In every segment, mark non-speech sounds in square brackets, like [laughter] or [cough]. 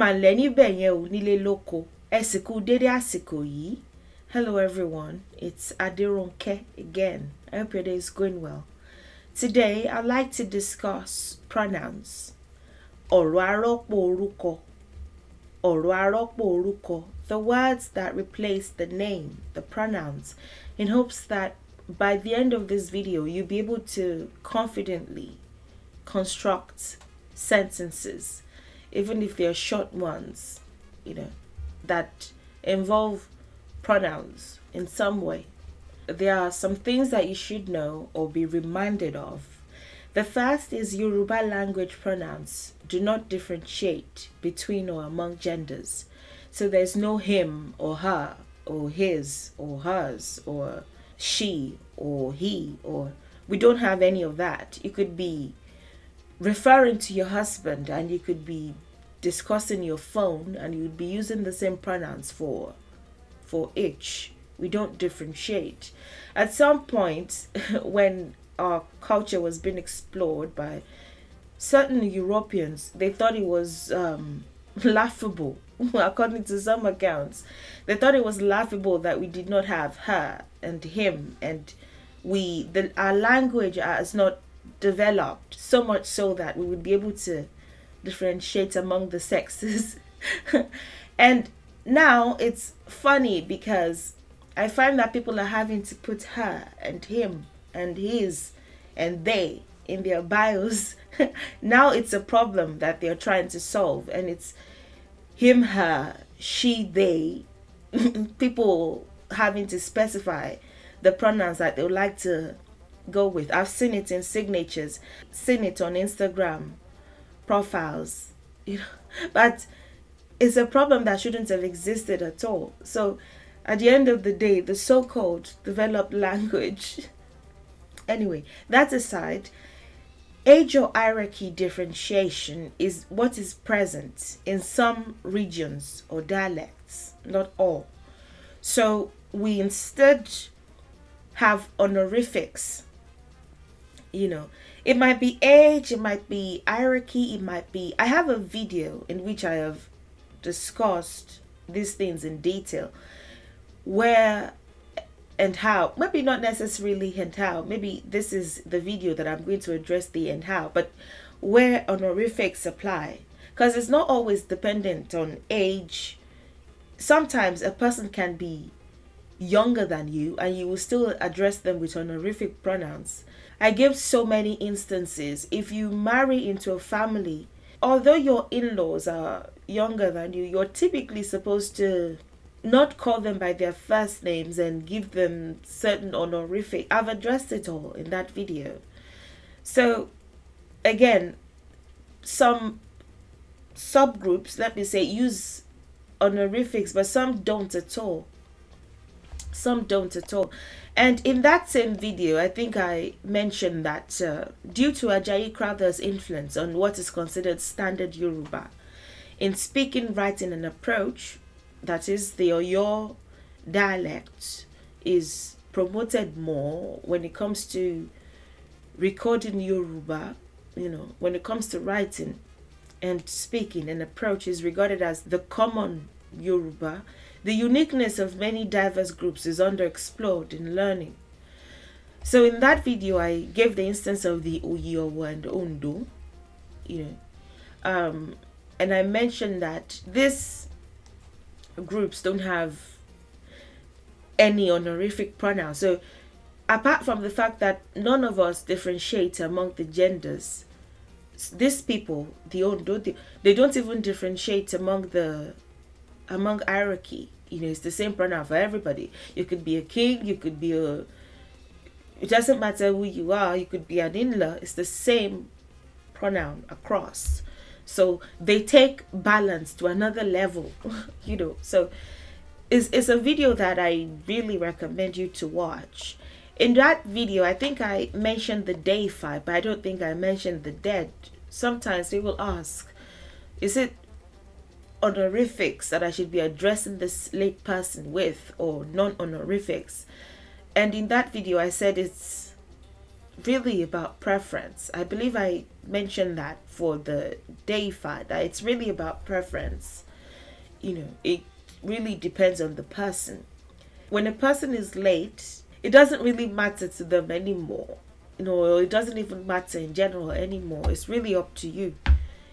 mà lẹ̀ yẹn ò lóko ẹ sì kú dédé àsìkò Hello everyone, it's Adironke again. I hope your day is going well. Today I'd like to discuss pronouns. Ọ̀rọ̀ arọ́pò orúkọ. Ọ̀rọ̀ arọ́pò orúkọ. The words that replace the name, the pronouns, in hopes that by the end of this video, you'll be able to confidently construct sentences even if they're short ones, you know, that involve pronouns in some way. There are some things that you should know or be reminded of. The first is Yoruba language pronouns do not differentiate between or among genders. So there's no him or her or his or hers or she or he or we don't have any of that. You could be referring to your husband and you could be discussing your phone and you'd be using the same pronouns for for each. We don't differentiate. At some point [laughs] when our culture was being explored by certain Europeans, they thought it was um, [laughs] laughable. [laughs] According to some accounts, they thought it was laughable that we did not have her and him, and we the our language has not developed so much so that we would be able to differentiates among the sexes. [laughs] and now it's funny because I find that people are having to put her and him and his and they in their bios. [laughs] now it's a problem that they're trying to solve, and it's him, her, she, they, [laughs] people having to specify the pronouns that they would like to go with. I've seen it in signatures, seen it on Instagram, profiles, you know, [laughs] but it's a problem that shouldn't have existed at all. So at the end of the day, the so-called developed [laughs] language, anyway, that aside, age or hierarchy differentiation is what is present in some regions or dialects, not all. So we instead have honorifics, you know, it might be age, it might be hierarchy, it might be. I have a video in which I have discussed these things in detail where and how maybe not necessarily and how maybe this is the video that i'm going to address the and how but where honorifics apply because it's not always dependent on age sometimes a person can be younger than you and you will still address them with honorific pronouns I give so many instances. If you marry into a family, although your in laws are younger than you, you're typically supposed to not call them by their first names and give them certain honorific. I've addressed it all in that video. So, again, some subgroups, let me say, use honorifics, but some don't at all. Some don't at all. And in that same video, I think I mentioned that uh, due to Ajayi Crowther's influence on what is considered standard Yoruba, in speaking, writing, and approach, that is, the Oyo dialect is promoted more when it comes to recording Yoruba, you know, when it comes to writing and speaking and approach is regarded as the common Yoruba the uniqueness of many diverse groups is underexplored in learning. So in that video, I gave the instance of the Oyeowo and Ondo, you know, um, and I mentioned that these groups don't have any honorific pronoun. So apart from the fact that none of us differentiate among the genders, these people, the Ondo, they, they don't even differentiate among the among hierarchy you know it's the same pronoun for everybody you could be a king you could be a it doesn't matter who you are you could be an in-law it's the same pronoun across so they take balance to another level [laughs] you know so it's, it's a video that i really recommend you to watch in that video i think i mentioned the day five, but i don't think i mentioned the dead sometimes they will ask is it honorifics that I should be addressing this late person with or non honorifics. And in that video, I said it's really about preference. I believe I mentioned that for the deified, that it's really about preference. You know, it really depends on the person. When a person is late, it doesn't really matter to them anymore. You know, it doesn't even matter in general anymore. It's really up to you.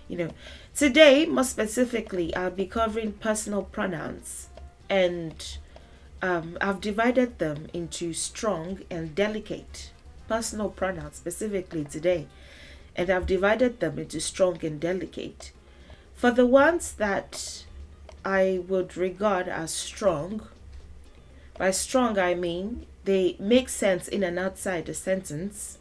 You know, Today, more specifically, I'll be covering personal pronouns and um, I've divided them into strong and delicate. Personal pronouns specifically today. And I've divided them into strong and delicate. For the ones that I would regard as strong, by strong I mean they make sense in and outside a sentence.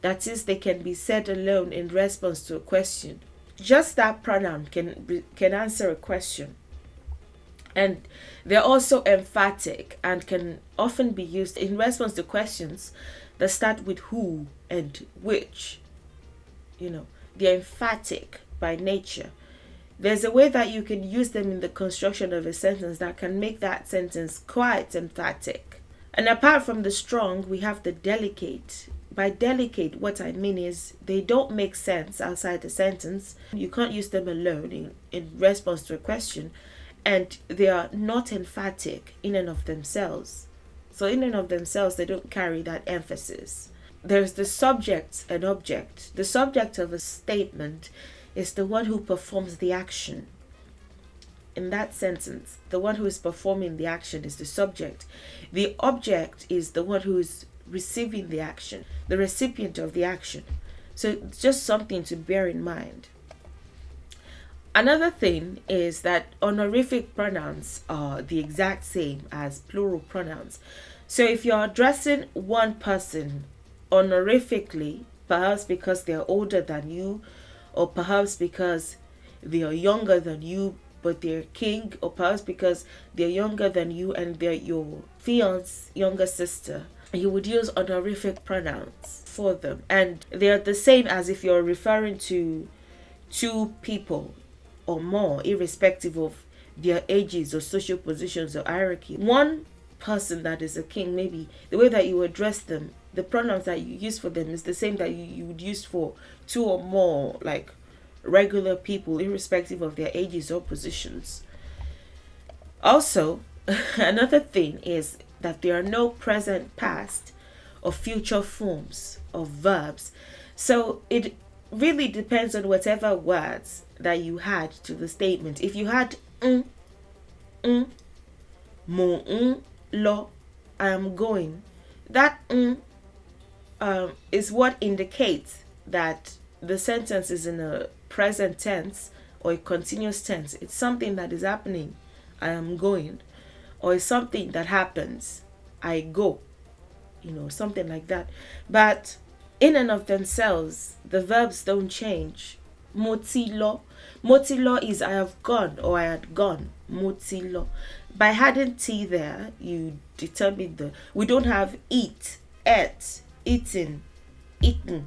That is, they can be said alone in response to a question just that pronoun can can answer a question and they're also emphatic and can often be used in response to questions that start with who and which you know they're emphatic by nature there's a way that you can use them in the construction of a sentence that can make that sentence quite emphatic and apart from the strong we have the delicate by delicate, what I mean is they don't make sense outside the sentence. You can't use them alone in, in response to a question, and they are not emphatic in and of themselves. So, in and of themselves, they don't carry that emphasis. There's the subject and object. The subject of a statement is the one who performs the action. In that sentence, the one who is performing the action is the subject. The object is the one who is receiving the action, the recipient of the action. So just something to bear in mind. Another thing is that honorific pronouns are the exact same as plural pronouns. So if you're addressing one person honorifically, perhaps because they're older than you, or perhaps because they are younger than you, but they're king, or perhaps because they're younger than you and they're your fiance, younger sister, you would use honorific pronouns for them and they are the same as if you're referring to two people or more irrespective of their ages or social positions or hierarchy one person that is a king maybe the way that you address them the pronouns that you use for them is the same that you, you would use for two or more like regular people irrespective of their ages or positions also [laughs] another thing is that there are no present, past, or future forms of verbs. So it really depends on whatever words that you had to the statement. If you had mm, mm, mo mm, lo, I am going, that mm, um, is what indicates that the sentence is in a present tense or a continuous tense. It's something that is happening. I am going or something that happens, I go, you know, something like that. But in and of themselves, the verbs don't change. Motilo. Motilo is I have gone or I had gone. Motilo. By adding T there, you determine the. We don't have eat, et, eaten, eaten,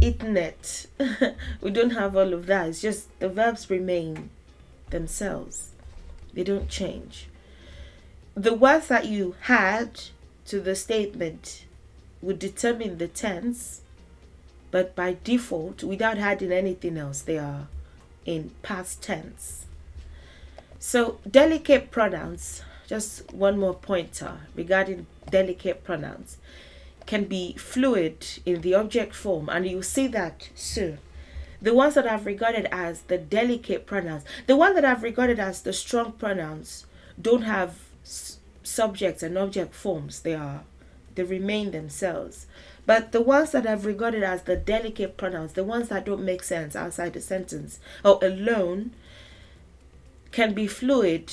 eaten it. [laughs] we don't have all of that. It's just the verbs remain themselves, they don't change the words that you had to the statement would determine the tense, but by default, without adding anything else, they are in past tense. So delicate pronouns, just one more pointer regarding delicate pronouns, can be fluid in the object form, and you'll see that soon the ones that I've regarded as the delicate pronouns, the ones that I've regarded as the strong pronouns, don't have Subjects and object forms they are. They remain themselves. But the ones that I've regarded as the delicate pronouns, the ones that don't make sense outside the sentence or alone, can be fluid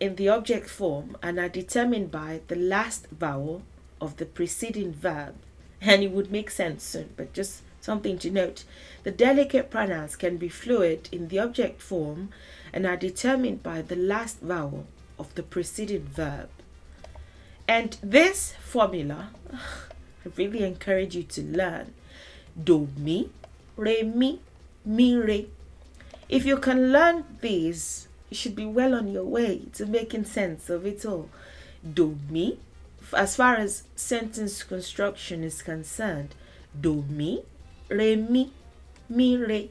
in the object form and are determined by the last vowel of the preceding verb. And it would make sense soon, but just something to note. The delicate pronouns can be fluid in the object form and are determined by the last vowel of the preceding verb. And this formula, I really encourage you to learn. Do mi, re mi, mi re. If you can learn these, you should be well on your way to making sense of it all. Do mi, as far as sentence construction is concerned, do mi, re mi, mi re.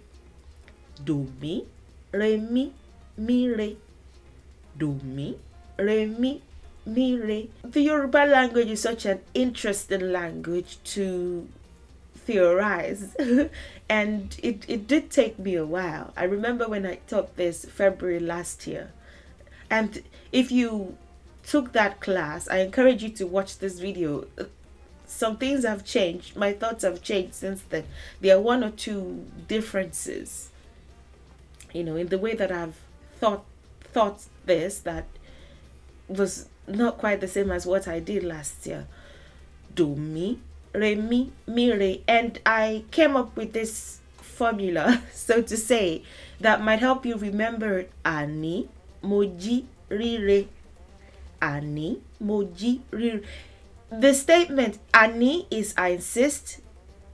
Do mi, re mi, mi re do mi, re mi, mi re. The Yoruba language is such an interesting language to theorize [laughs] and it, it did take me a while. I remember when I taught this February last year. And if you took that class, I encourage you to watch this video. Some things have changed. My thoughts have changed since then. There are one or two differences, you know, in the way that I've thought thought this that was not quite the same as what I did last year. Do me, re mi, mi re. And I came up with this formula, [laughs] so to say, that might help you remember ani, moji, ri re. Ani, moji, ri The statement ani is I insist,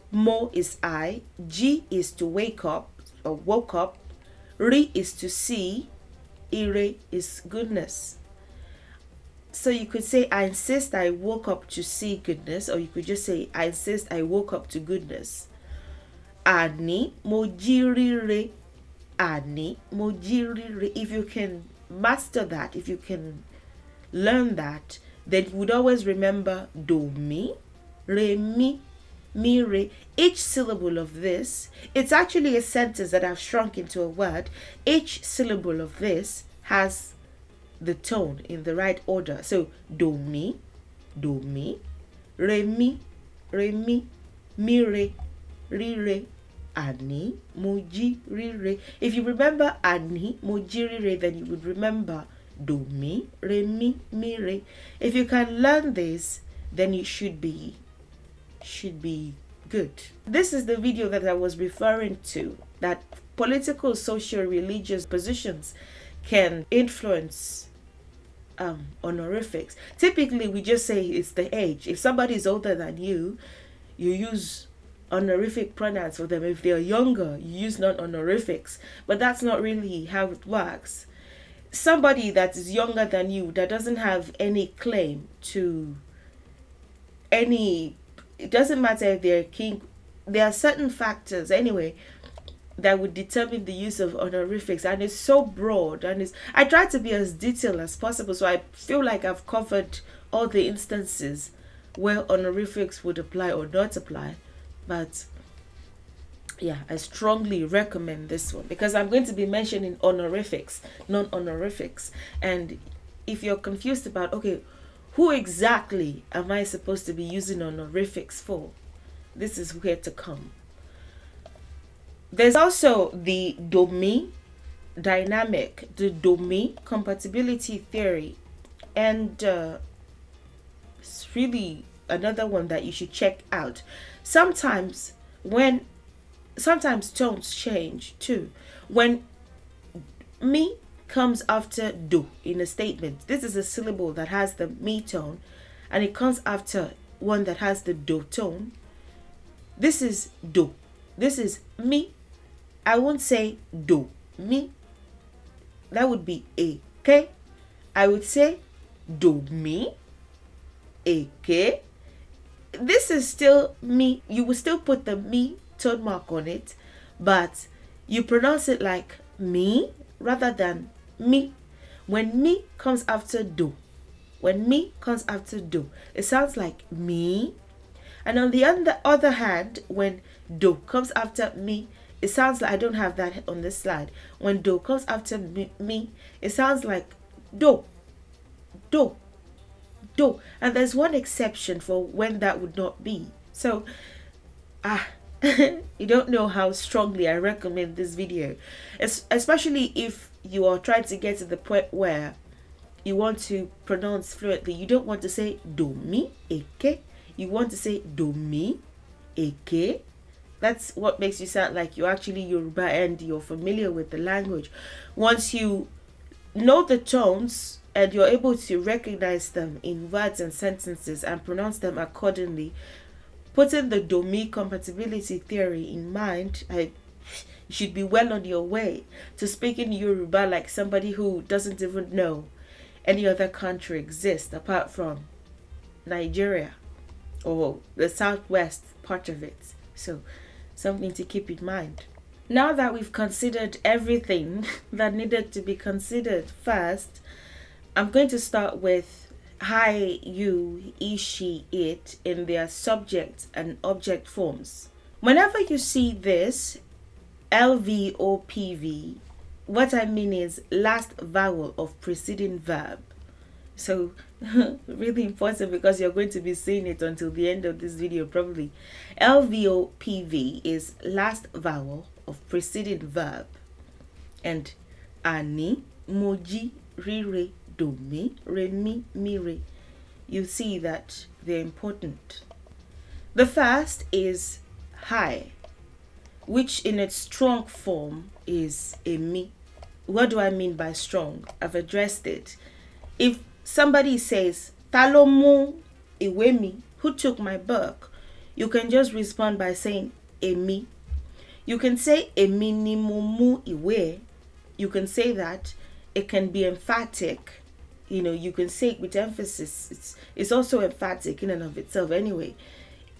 mo is I, g is to wake up or woke up, ri is to see, Ire is goodness. So you could say, I insist I woke up to see goodness, or you could just say, I insist I woke up to goodness. Ani mojirire. Ani mojirire. If you can master that, if you can learn that, then you would always remember do mi, re mi, mire. Each syllable of this, it's actually a sentence that I've shrunk into a word. Each syllable of this has the tone in the right order. So do mi, do mi, re mi, re mi, mi re, ri re, ani, moji, ri re. If you remember ani, moji, ri re, then you would remember do mi, re mi, mi re. If you can learn this, then you should be should be good. This is the video that I was referring to that political, social, religious positions can influence um, honorifics. Typically, we just say it's the age. If somebody is older than you, you use honorific pronouns for them. If they're younger, you use non honorifics. But that's not really how it works. Somebody that is younger than you that doesn't have any claim to any it doesn't matter if they're king. There are certain factors anyway that would determine the use of honorifics and it's so broad and it's I try to be as detailed as possible so I feel like I've covered all the instances where honorifics would apply or not apply but yeah I strongly recommend this one because I'm going to be mentioning honorifics non honorifics and if you're confused about okay who exactly am I supposed to be using honorifics for? This is where to come. There's also the domi dynamic, the domi compatibility theory, and uh, it's really another one that you should check out. Sometimes when sometimes tones change too. When me comes after do in a statement. This is a syllable that has the me tone and it comes after one that has the do tone. This is do. This is me. I won't say do. Me. That would be a k. I would say do me. A k. This is still me. You will still put the me tone mark on it, but you pronounce it like me rather than me. When me comes after do, when me comes after do, it sounds like me. And on the other hand, when do comes after me, it sounds like I don't have that on this slide. When do comes after me, it sounds like do, do, do. And there's one exception for when that would not be. So, ah, [laughs] you don't know how strongly I recommend this video, es especially if you are trying to get to the point where you want to pronounce fluently, you don't want to say domi eke. You want to say domi eke. That's what makes you sound like you're actually Yoruba and you're familiar with the language. Once you know the tones and you're able to recognize them in words and sentences and pronounce them accordingly, putting the domi compatibility theory in mind, I you should be well on your way to speaking Yoruba like somebody who doesn't even know any other country exists apart from Nigeria or the southwest part of it. So, something to keep in mind. Now that we've considered everything [laughs] that needed to be considered first, I'm going to start with hi, you, ishi, it in their subject and object forms. Whenever you see this, Lvopv. what I mean is last vowel of preceding verb. So [laughs] really important because you're going to be seeing it until the end of this video probably. LVOPV is last vowel of preceding verb. And ani, moji, rire, domi, remi, mire. You see that they're important. The first is high which in its strong form is a me. What do I mean by strong? I've addressed it. If somebody says, Talomu Iwemi, who took my book, you can just respond by saying, a me. You can say, a minimumu iwe. You can say that. It can be emphatic you know you can say it with emphasis it's, it's also emphatic in and of itself anyway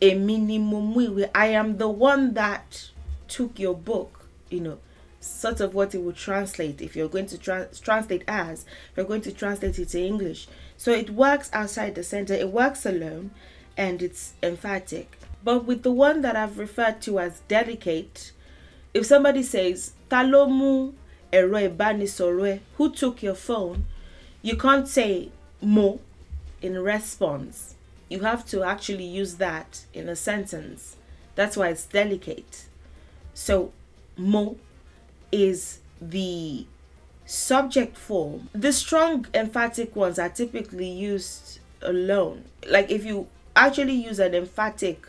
a minimum iwe. i am the one that took your book, you know, sort of what it would translate if you're going to tra- translate as, you're going to translate it to English. So it works outside the center, it works alone, and it's emphatic. But with the one that I've referred to as dedicate, if somebody says, Talomu ẹ̀rọ ìbánisọ̀rọ̀ who took your phone, you can't say mo in response. You have to actually use that in a sentence. That's why it's delicate. So mo is the subject form. The strong emphatic ones are typically used alone. Like if you actually use an emphatic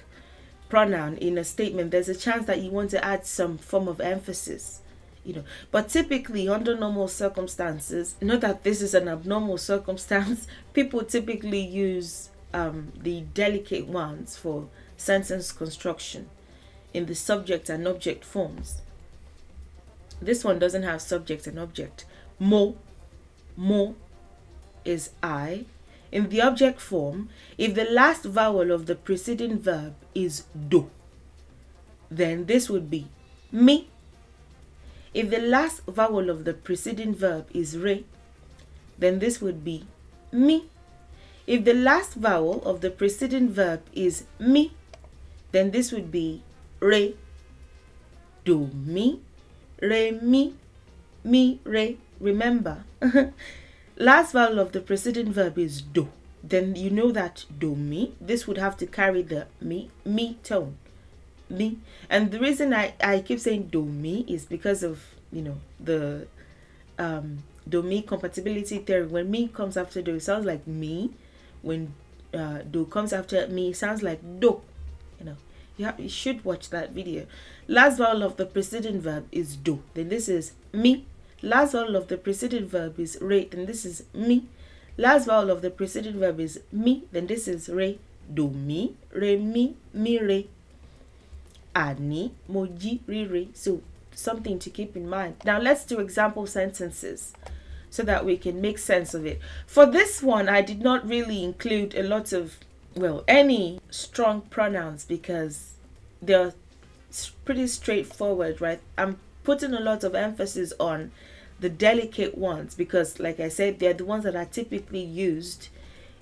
pronoun in a statement, there's a chance that you want to add some form of emphasis. You know, but typically under normal circumstances, not that this is an abnormal circumstance, [laughs] people typically use um, the delicate ones for sentence construction in the subject and object forms. This one doesn't have subject and object. Mo, mo is I. In the object form, if the last vowel of the preceding verb is do, then this would be me. If the last vowel of the preceding verb is re, then this would be me. If the last vowel of the preceding verb is me, then this would be re do mi re mi mi re remember [laughs] last vowel of the preceding verb is do then you know that do mi this would have to carry the mi mi tone me and the reason i i keep saying do mi is because of you know the um do mi compatibility theory when mi comes after do it sounds like me when uh, do comes after me sounds like do you, you should watch that video. Last vowel of the preceding verb is do. Then this is me. Last vowel of the preceding verb is re. Then this is me. Last vowel of the preceding verb is me. Then this is re. Do mi. Re mi. Mi re. Ani. Moji. riri. re. So something to keep in mind. Now let's do example sentences so that we can make sense of it. For this one, I did not really include a lot of, well, any strong pronouns because they're pretty straightforward, right? I'm putting a lot of emphasis on the delicate ones because, like I said, they're the ones that are typically used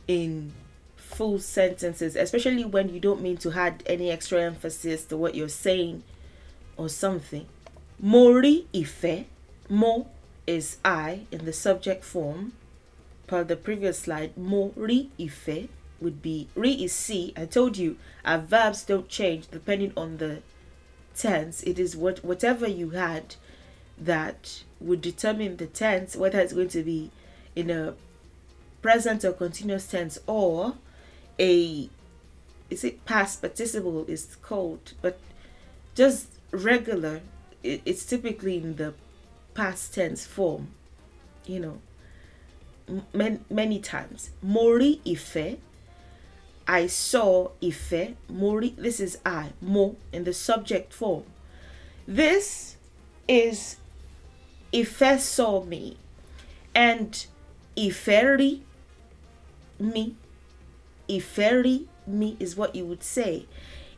in full sentences, especially when you don't mean to add any extra emphasis to what you're saying or something. Mori ife, mo is I in the subject form. Per the previous slide, mori ife would be re is C. I told you our verbs don't change depending on the tense. It is what whatever you had that would determine the tense, whether it's going to be in a present or continuous tense or a is it past participle is called, but just regular it, it's typically in the past tense form, you know, many, many times. Mori ife I saw Ife. Mori, this is I, Mo, in the subject form. This is Ife saw me. And Iferi me. Iferi me is what you would say.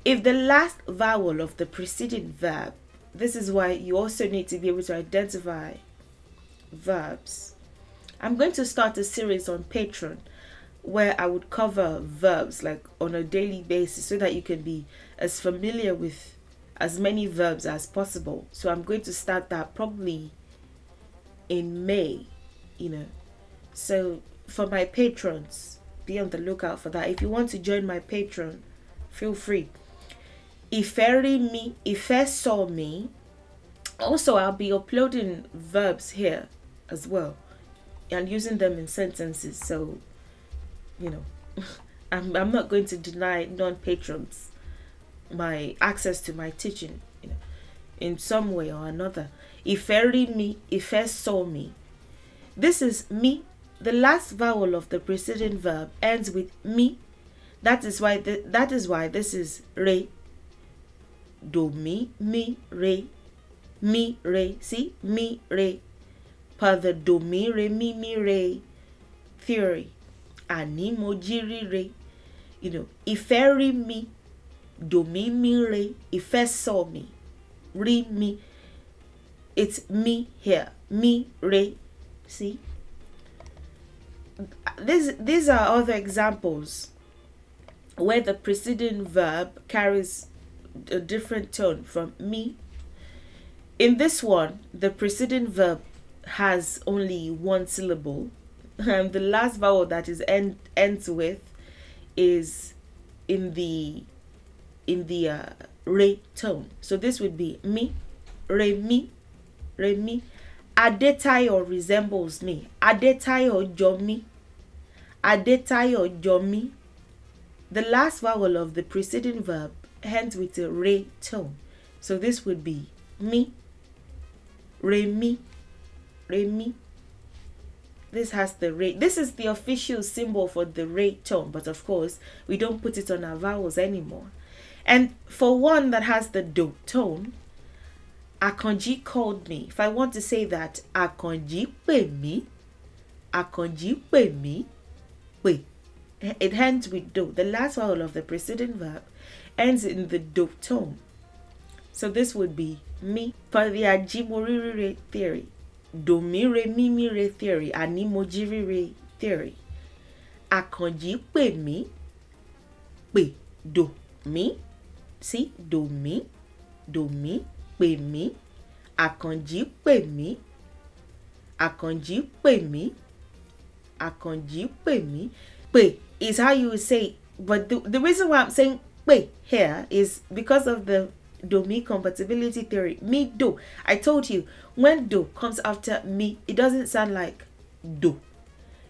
If the last vowel of the preceding verb, this is why you also need to be able to identify verbs. I'm going to start a series on Patreon where I would cover verbs like on a daily basis so that you can be as familiar with as many verbs as possible. So I'm going to start that probably in May, you know. So for my patrons, be on the lookout for that. If you want to join my patron, feel free. Iferi me, Ife saw me. Also, I'll be uploading verbs here as well and using them in sentences. So you know, [laughs] I'm, I'm not going to deny non patrons my access to my teaching you know, in some way or another. If me, if saw me, this is me. The last vowel of the preceding verb ends with me. That is why that is why this is re. Do me me re, me re. See me re, per the do me re mi mi re theory àní mo jí ríre you know, ìfẹ́ rí mi dòmí mi re ìfẹ́ sọ mi rí mi it's me here me re see these these are other examples where the preceding verb carries a different tone from me. In this one, the preceding verb has only one syllable, um, the last vowel that is end ends with is in the in the uh, re tone. So this would be me, re mi, re mi. Adetayo resembles me. Adetayo jomi. Adetayo jomi. The last vowel of the preceding verb ends with a re tone. So this would be mi, re mi, re mi this has the rate. This is the official symbol for the rate tone, but of course, we don't put it on our vowels anymore. And for one that has the do tone, Akonji called me. If I want to say that, Akonji pe mi, Akonji pe mi, pe. It ends with do. The last vowel of the preceding verb ends in the do tone. So this would be me for the Ajimoriri theory. dòmíre mímíre theory àní mo jí ríre theory àkànjí pè mí pè dò mí sí do dòmí pè mí àkànjí pè mí àkànjí pè mí àkànjí pè mí pè is how you say but the, the reason why I'm saying pè here is because of the Do me compatibility theory. Me do. I told you when do comes after me, it doesn't sound like do.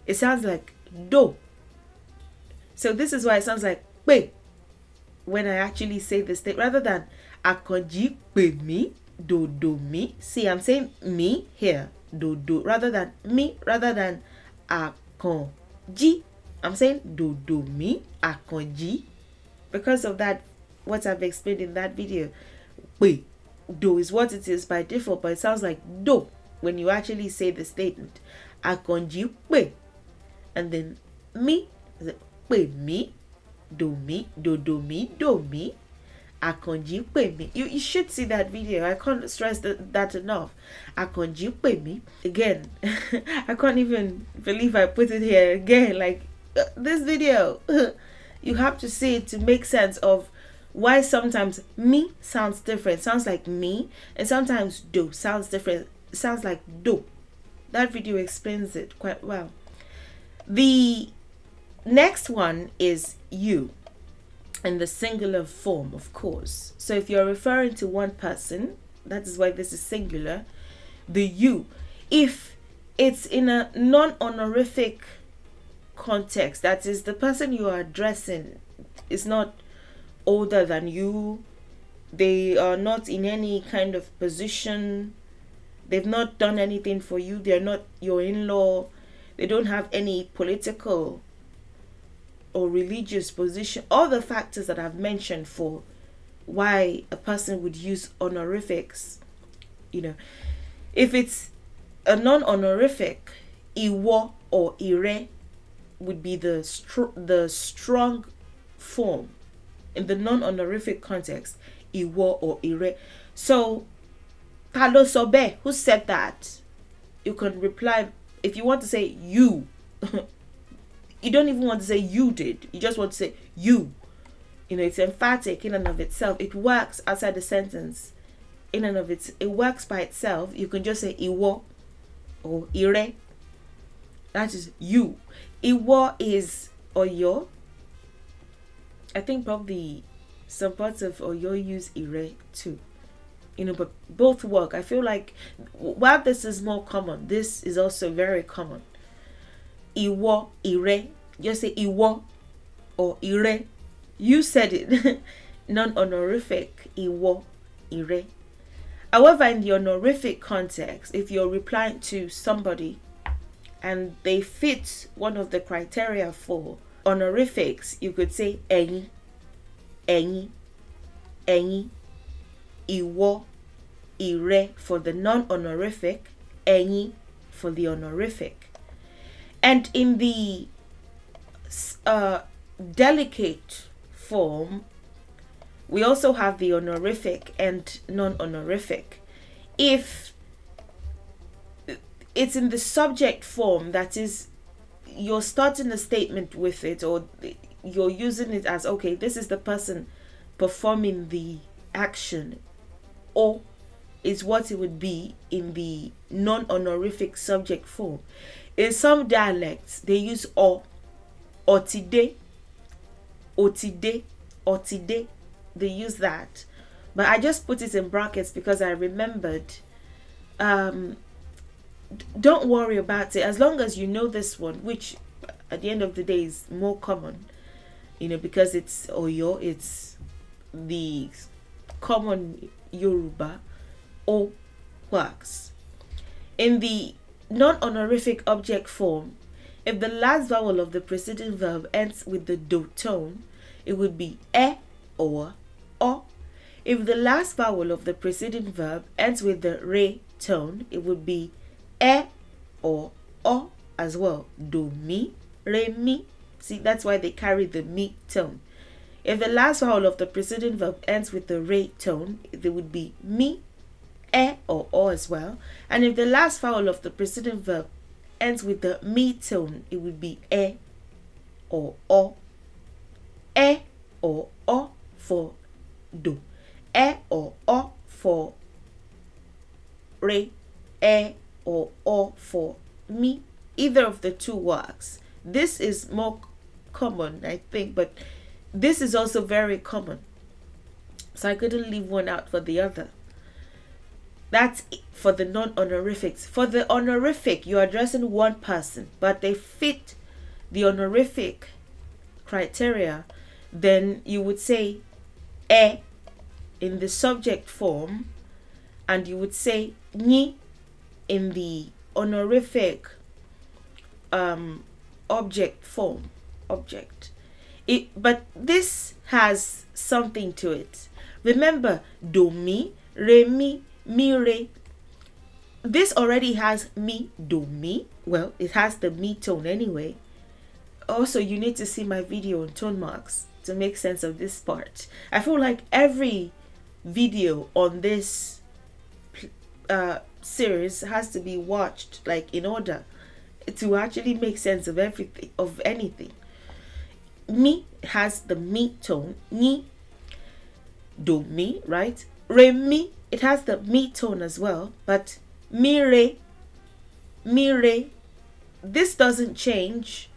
It sounds like do. So this is why it sounds like pe when I actually say this thing rather than akonji pe me do do me. See, I'm saying me here do do rather than me rather than akonji. I'm saying do do a akonji because of that what I've explained in that video. Wait, do is what it is by default, but it sounds like do when you actually say the statement. Akanji pé. And then me, pé me, do me, do do me, do me. Akanji pè mí. You, you should see that video. I can't stress that, that enough. Akanji pè me Again, [laughs] I can't even believe I put it here again. Like, uh, this video, [laughs] you have to see it to make sense of why sometimes me sounds different, sounds like me, and sometimes do sounds different, sounds like do. That video explains it quite well. The next one is you in the singular form, of course. So if you're referring to one person, that is why this is singular, the you. If it's in a non honorific context, that is, the person you are addressing is not older than you they are not in any kind of position they've not done anything for you they're not your in-law they don't have any political or religious position all the factors that i've mentioned for why a person would use honorifics you know if it's a non-honorific iwo or ire would be the str- the strong form in the non-honorific context ìwọ or ire so talo sobe. who said that you can reply if you want to say you [laughs] you don't even want to say you did you just want to say you you know it's emphatic in and of itself it works outside the sentence in and of its. it works by itself you can just say ìwọ or ire that is you ìwọ is or your. I think probably some parts of you use ire too. You know, but both work. I feel like while this is more common, this is also very common. Iwo, ire. Just say iwo or ire. You said it. [laughs] non honorific, iwo, ire. However, in the honorific context, if you're replying to somebody and they fit one of the criteria for honorifics, you could say any, any, any, ìwọ, ìrẹ for the non-honorific, any for the honorific. And in the uh, delicate form, we also have the honorific and non-honorific. If it's in the subject form that is you're starting a statement with it or you're using it as okay this is the person performing the action or is what it would be in the non-honorific subject form in some dialects they use or or today or today or today they use that but i just put it in brackets because i remembered um don't worry about it as long as you know this one which at the end of the day is more common you know because it's oyo it's the common yoruba or works in the non-honorific object form if the last vowel of the preceding verb ends with the do tone it would be e or o if the last vowel of the preceding verb ends with the re tone it would be e or o as well. Do, mi, re, mi. See, that's why they carry the mi tone. If the last vowel of the preceding verb ends with the re tone, there would be mi, e or o as well. And if the last vowel of the preceding verb ends with the mi tone, it would be e or o. E or o for do. E or o for re. E or or for me either of the two works this is more common i think but this is also very common so i couldn't leave one out for the other that's for the non-honorifics for the honorific you're addressing one person but they fit the honorific criteria then you would say e in the subject form and you would say ni in the honorific um, object form object it but this has something to it remember do mi re mi mi re this already has mi do mi well it has the mi tone anyway also you need to see my video on tone marks to make sense of this part i feel like every video on this uh, series has to be watched like in order to actually make sense of everything of anything mi has the mi tone ni do mi right re mi it has the mi tone as well but mi re mi re this doesn't change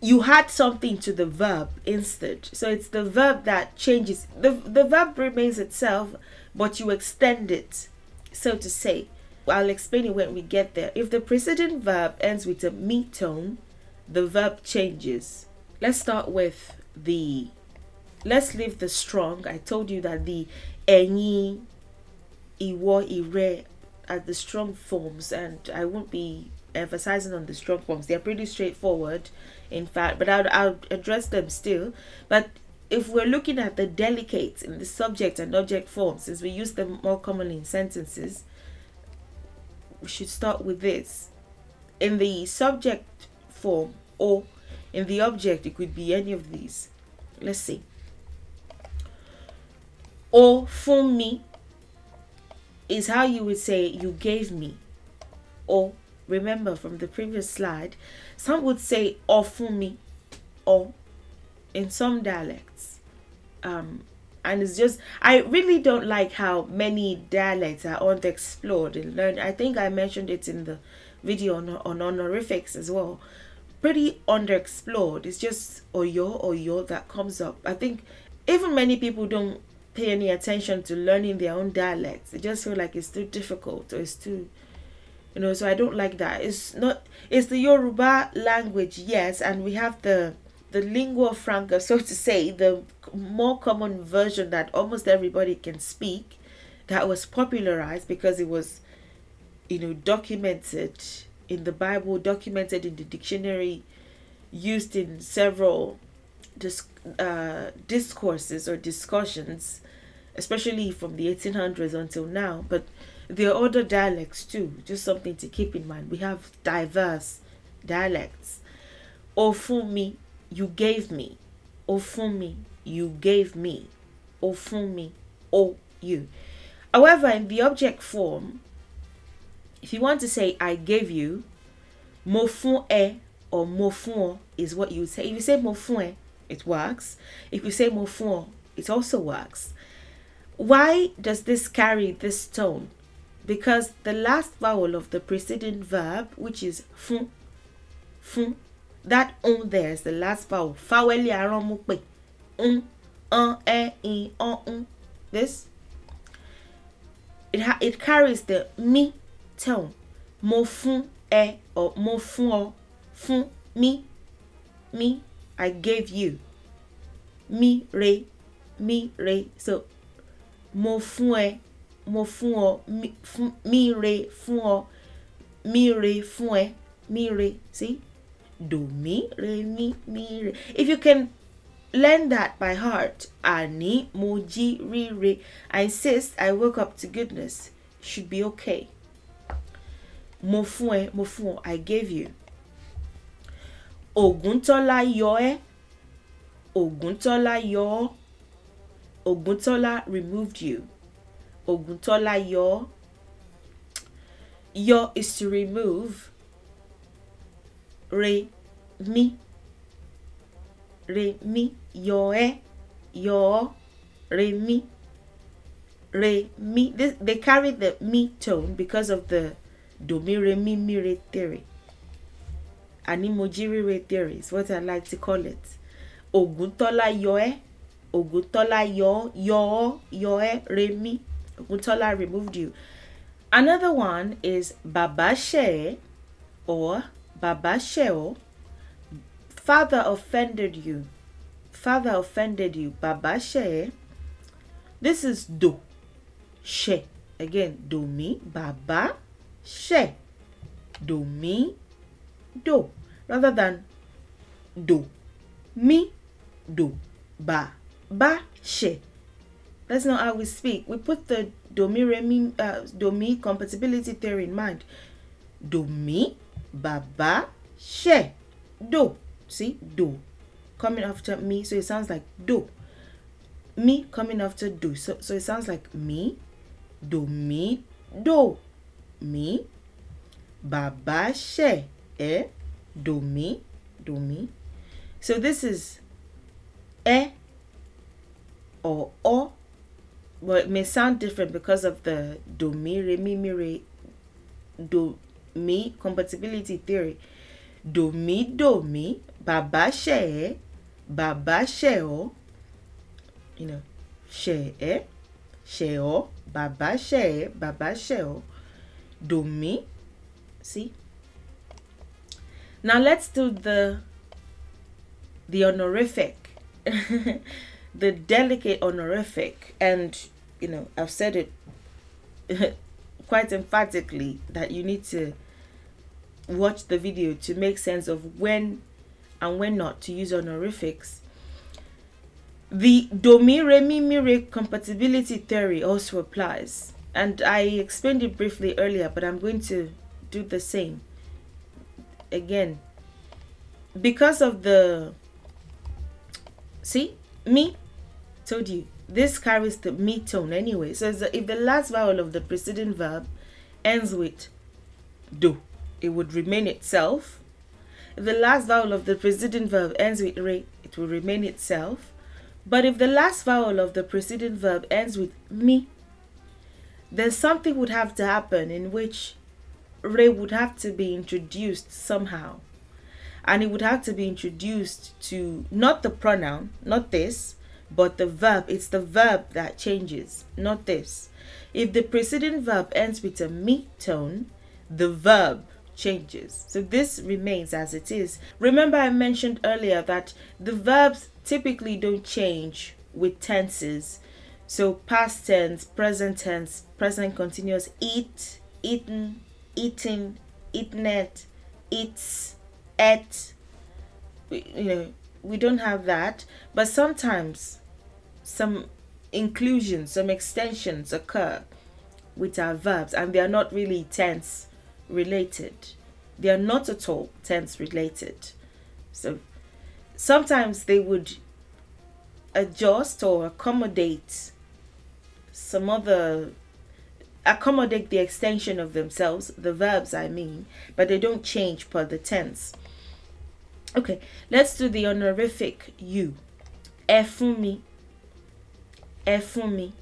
you add something to the verb instead so it's the verb that changes the the verb remains itself but you extend it so to say I'll explain it when we get there. If the preceding verb ends with a me tone, the verb changes. Let's start with the. Let's leave the strong. I told you that the any, iwo, ire are the strong forms, and I won't be emphasizing on the strong forms. They're pretty straightforward, in fact, but I'll, I'll address them still. But if we're looking at the delicate in the subject and object form, since we use them more commonly in sentences, we should start with this. In the subject form or in the object, it could be any of these. Let's see. Or for me is how you would say you gave me. Or remember from the previous slide, some would say or for me. or in some dialects, um, and it's just i really don't like how many dialects are unexplored and learned i think i mentioned it in the video on, on honorifics as well pretty underexplored it's just oyo oyo that comes up i think even many people don't pay any attention to learning their own dialects they just feel like it's too difficult or it's too you know so i don't like that it's not it's the yoruba language yes and we have the the lingua franca, so to say, the more common version that almost everybody can speak, that was popularized because it was, you know, documented in the Bible, documented in the dictionary, used in several dis- uh, discourses or discussions, especially from the 1800s until now. But there are other dialects too, just something to keep in mind. We have diverse dialects. Ofumi you gave me. Ó you gave me. Ó fún ó you. However, in the object form, if you want to say I gave you, mofun ẹ or mofun is what you say. If you say mofun ẹ, it works. If you say mofun, it also works. Why does this carry this tone? Because the last vowel of the preceding verb, which is fún, fún, that um there is the last vowel fáwẹ́lì pe. Um, an ẹ in an um. this it, it carries the mi tone mo fun ẹ or mo fun ọ Fun mi mi I gave you mi re mi re so mo fun ẹ mo fun ọ mi, mi re fun ọ mi re fun ẹ mi re see. do mi re mi mi re if you can learn that by heart ani moji re re i insist i woke up to goodness should be okay mo fún mo fún gave you ògúntọ́lá yọ ẹ́ ògúntọ́lá yọ ògúntọ́lá removed you ògúntọ́lá yọ yọ is to remove re, mi, re, mi, yo, e, yo, re, mi, re, mi. This, they carry the mi tone because of the do, mi, re, mi, mi, re theory. An emojiri re theory is what I like to call it. Oguntola yo, e, Ogutola yo, yo, yo, e, re, mi. Ogutola removed you. Another one is Babashe or Baba Sheo, Father offended you. Father offended you. Baba She. This is Do. She. Again, Do me. Baba She. Do me Do. Rather than Do. me Do. Ba. Ba. She. That's not how we speak. We put the Do me re, uh, do, me compatibility theory in mind. Do me. Baba she do. See do coming after me, so it sounds like do. Me coming after do, so so it sounds like me, do me do me. Baba she eh do me do me. So this is e or o. Well, it may sound different because of the do me re mi mi re do me compatibility theory domi domi bàbá ṣe bàbá ṣe ọ you know ṣe é ṣe ọ bàbá ṣe bàbá ṣe ọ domi see now let's do the the honorific [laughs] the delicate honorific and you know i've said it [laughs] quite emphatically that you need to watch the video to make sense of when and when not to use honorifics. The do mi re mi mi re compatibility theory also applies, and I explained it briefly earlier, but I'm going to do the same again because of the see me told you this carries the me tone anyway so if the last vowel of the preceding verb ends with do it would remain itself. If the last vowel of the preceding verb ends with re, it will remain itself. But if the last vowel of the preceding verb ends with me, then something would have to happen in which re would have to be introduced somehow. And it would have to be introduced to not the pronoun, not this, but the verb. It's the verb that changes, not this. If the preceding verb ends with a me tone, the verb changes. So this remains as it is. Remember I mentioned earlier that the verbs typically don't change with tenses. So past tense, present tense, present continuous, eat, eaten, eating, it, eats, et. We, you know, we don't have that. But sometimes some inclusions, some extensions occur with our verbs and they are not really tense related. They are not at all tense related. So sometimes they would adjust or accommodate some other accommodate the extension of themselves, the verbs I mean, but they don't change per the tense. Okay, let's do the honorific you. Efumi. Efumi.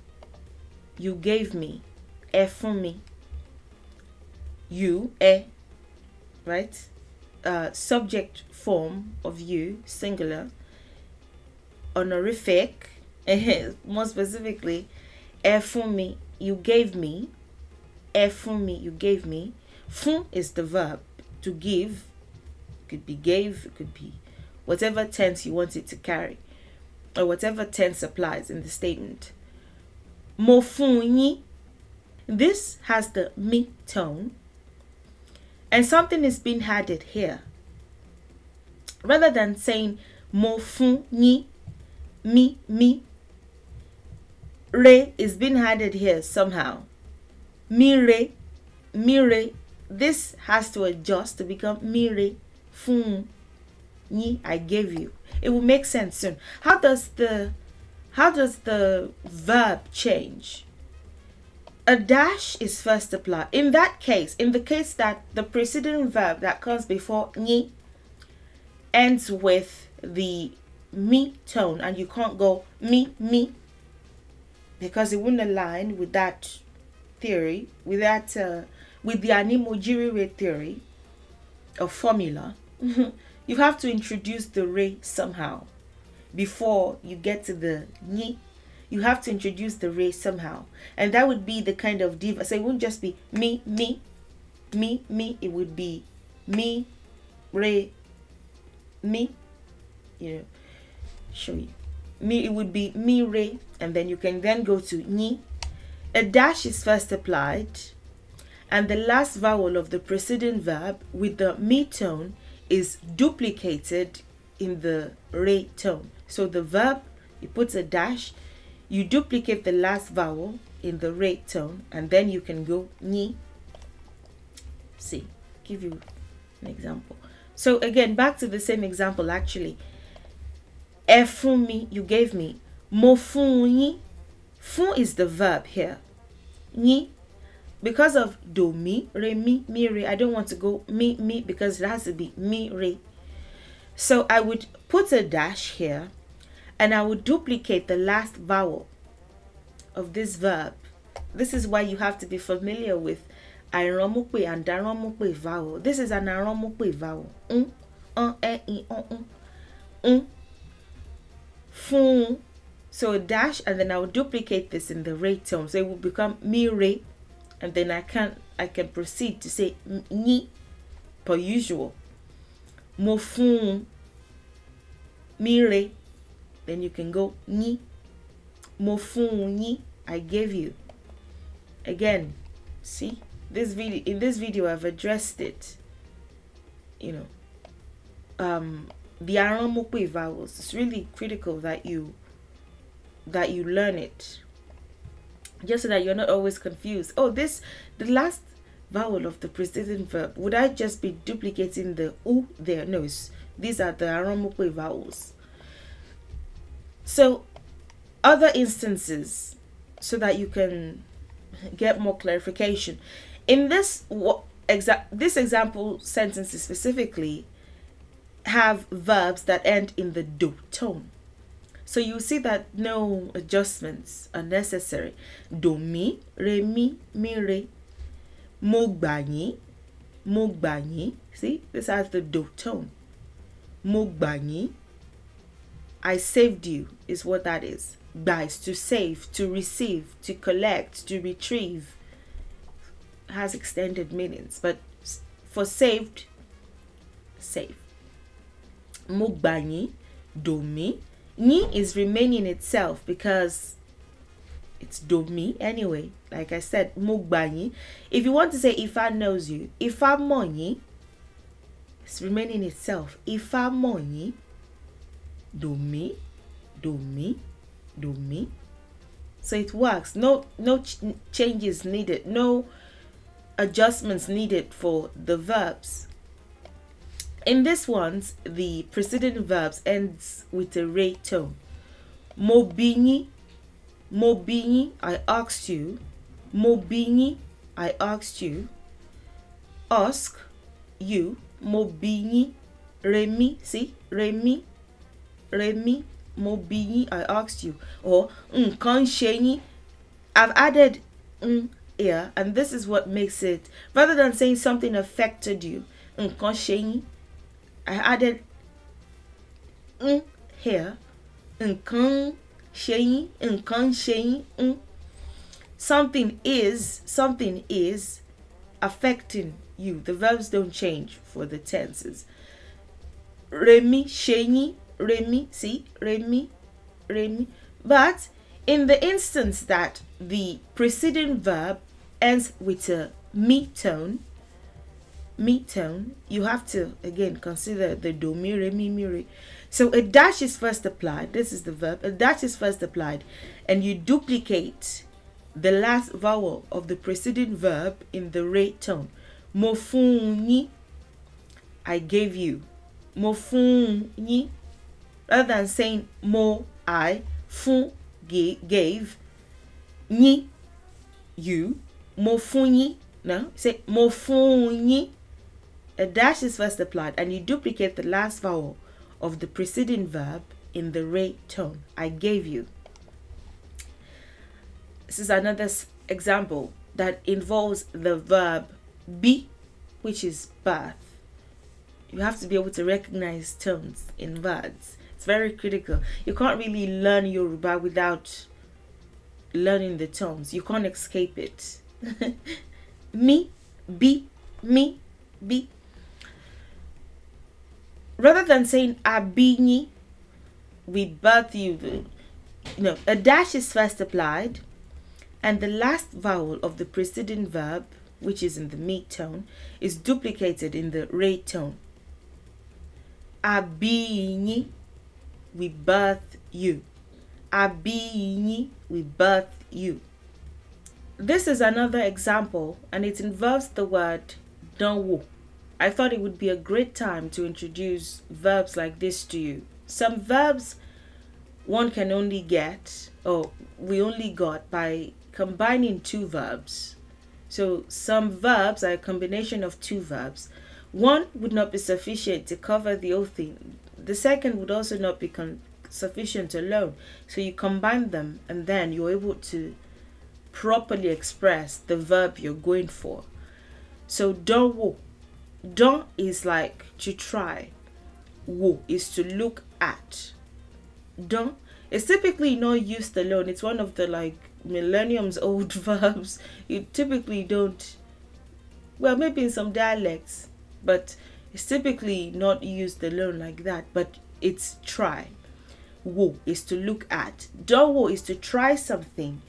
You gave me. Efumi you, eh, right? Uh, subject form of you, singular. Honorific, eh, [laughs] more specifically, e mi, you gave me. E mi, you gave me. Fún is the verb, to give. It could be gave, it could be whatever tense you want it to carry or whatever tense applies in the statement. Mo fún yín. This has the mi tone and something is being added here. Rather than saying mo fun ni mi mi re is being added here somehow. Mi re mi re this has to adjust to become mi re fun ni I gave you. It will make sense soon. How does the how does the verb change? a dash is first applied. In that case, in the case that the preceding verb that comes before ni ends with the me tone and you can't go me, me because it wouldn't align with that theory, with that, uh, with the Animojiri theory or formula. [laughs] you have to introduce the re somehow before you get to the ni you have to introduce the race somehow. And that would be the kind of diva. So it wouldn't just be me, me, me, me. It would be me, re, me. You know, show you. Me, it would be me, re. And then you can then go to ni. A dash is first applied. And the last vowel of the preceding verb with the me tone is duplicated in the re tone. So the verb, it puts a dash you duplicate the last vowel in the red tone and then you can go ni. See, give you an example. So again, back to the same example actually. Efumi, you gave me. Mofuni. Fun is the verb here. Ni. Because of do mi, re mi, mi re, I don't want to go mi, mi because it has to be mi re. So I would put a dash here and I will duplicate the last vowel of this verb. This is why you have to be familiar with àìránmúpè and Daromukwe vowel. This is an àránmúpè vowel. Un, un, e, i, un, un. Un, fun. So dash and then I will duplicate this in the rate tone, So it will become mi re and then I can I can proceed to say ni per usual. Mo fun mi re then you can go ni. Mofun ni. I gave you. Again, see this video. In this video, I've addressed it. You know, um, the aramukwe vowels. It's really critical that you that you learn it, just so that you're not always confused. Oh, this the last vowel of the preceding verb. Would I just be duplicating the u there? No, these are the aramukwe vowels. So other instances so that you can get more clarification. In this what exa this example sentences specifically have verbs that end in the do tone. So you see that no adjustments are necessary. Do mi, re mi, mi re. See, this has the do tone. Mo I saved you, is what that is. Guys, to save, to receive, to collect, to retrieve has extended meanings, but for saved, save. do mi Ni is remaining itself because it's do mi anyway. Like I said, mugbanyi. If you want to say if I knows you, Ifa monyi, it's remaining itself. Ifa monyi do me, do me, do me. So it works. No, no ch changes needed. No adjustments needed for the verbs. In this one, the preceding verbs ends with a re tone. Mobini, mobini, I asked you. Mobini, I asked you. Ask, you. Mobini, remi, see, remi, Remi, mo bi yín i asked you or nǹkan mm, ṣe yín i've added n mm, here and this is what makes it rather than saying something affected you nǹkan mm, ṣe yín i added n here nǹkan ṣe yín nǹkan ṣe yín something is something is affecting you the verbs don't change for the tenses remi ṣe Remi, see, Remi, Remi. But in the instance that the preceding verb ends with a mi tone, mi tone, you have to again consider the do, mi, re, mi, mi, re. So a dash is first applied. This is the verb. A dash is first applied, and you duplicate the last vowel of the preceding verb in the re tone. Mo I gave you. Mo rather than saying mo I, fu gave, ni you, mo funi no, say mo funi A dash is first applied and you duplicate the last vowel of the preceding verb in the re tone. I gave you. This is another example that involves the verb be, which is birth. You have to be able to recognize tones in words very critical. You can't really learn Yoruba without learning the tones. You can't escape it. [laughs] me, be, me, be. Rather than saying abini, we birth you. No, a dash is first applied, and the last vowel of the preceding verb, which is in the me tone, is duplicated in the re tone. Abini we birth you. Abiyinyi, we birth you. This is another example and it involves the word donwo. I thought it would be a great time to introduce verbs like this to you. Some verbs one can only get, or we only got by combining two verbs. So some verbs are a combination of two verbs. One would not be sufficient to cover the whole thing. The second would also not be sufficient alone. So you combine them and then you're able to properly express the verb you're going for. So don wo. Don is like to try. Wo is to look at. Don is typically not used alone. It's one of the like millenniums old [laughs] verbs. You typically don't well maybe in some dialects, but it's typically not used alone like that, but it's try. Wo is to look at. Dowo is to try something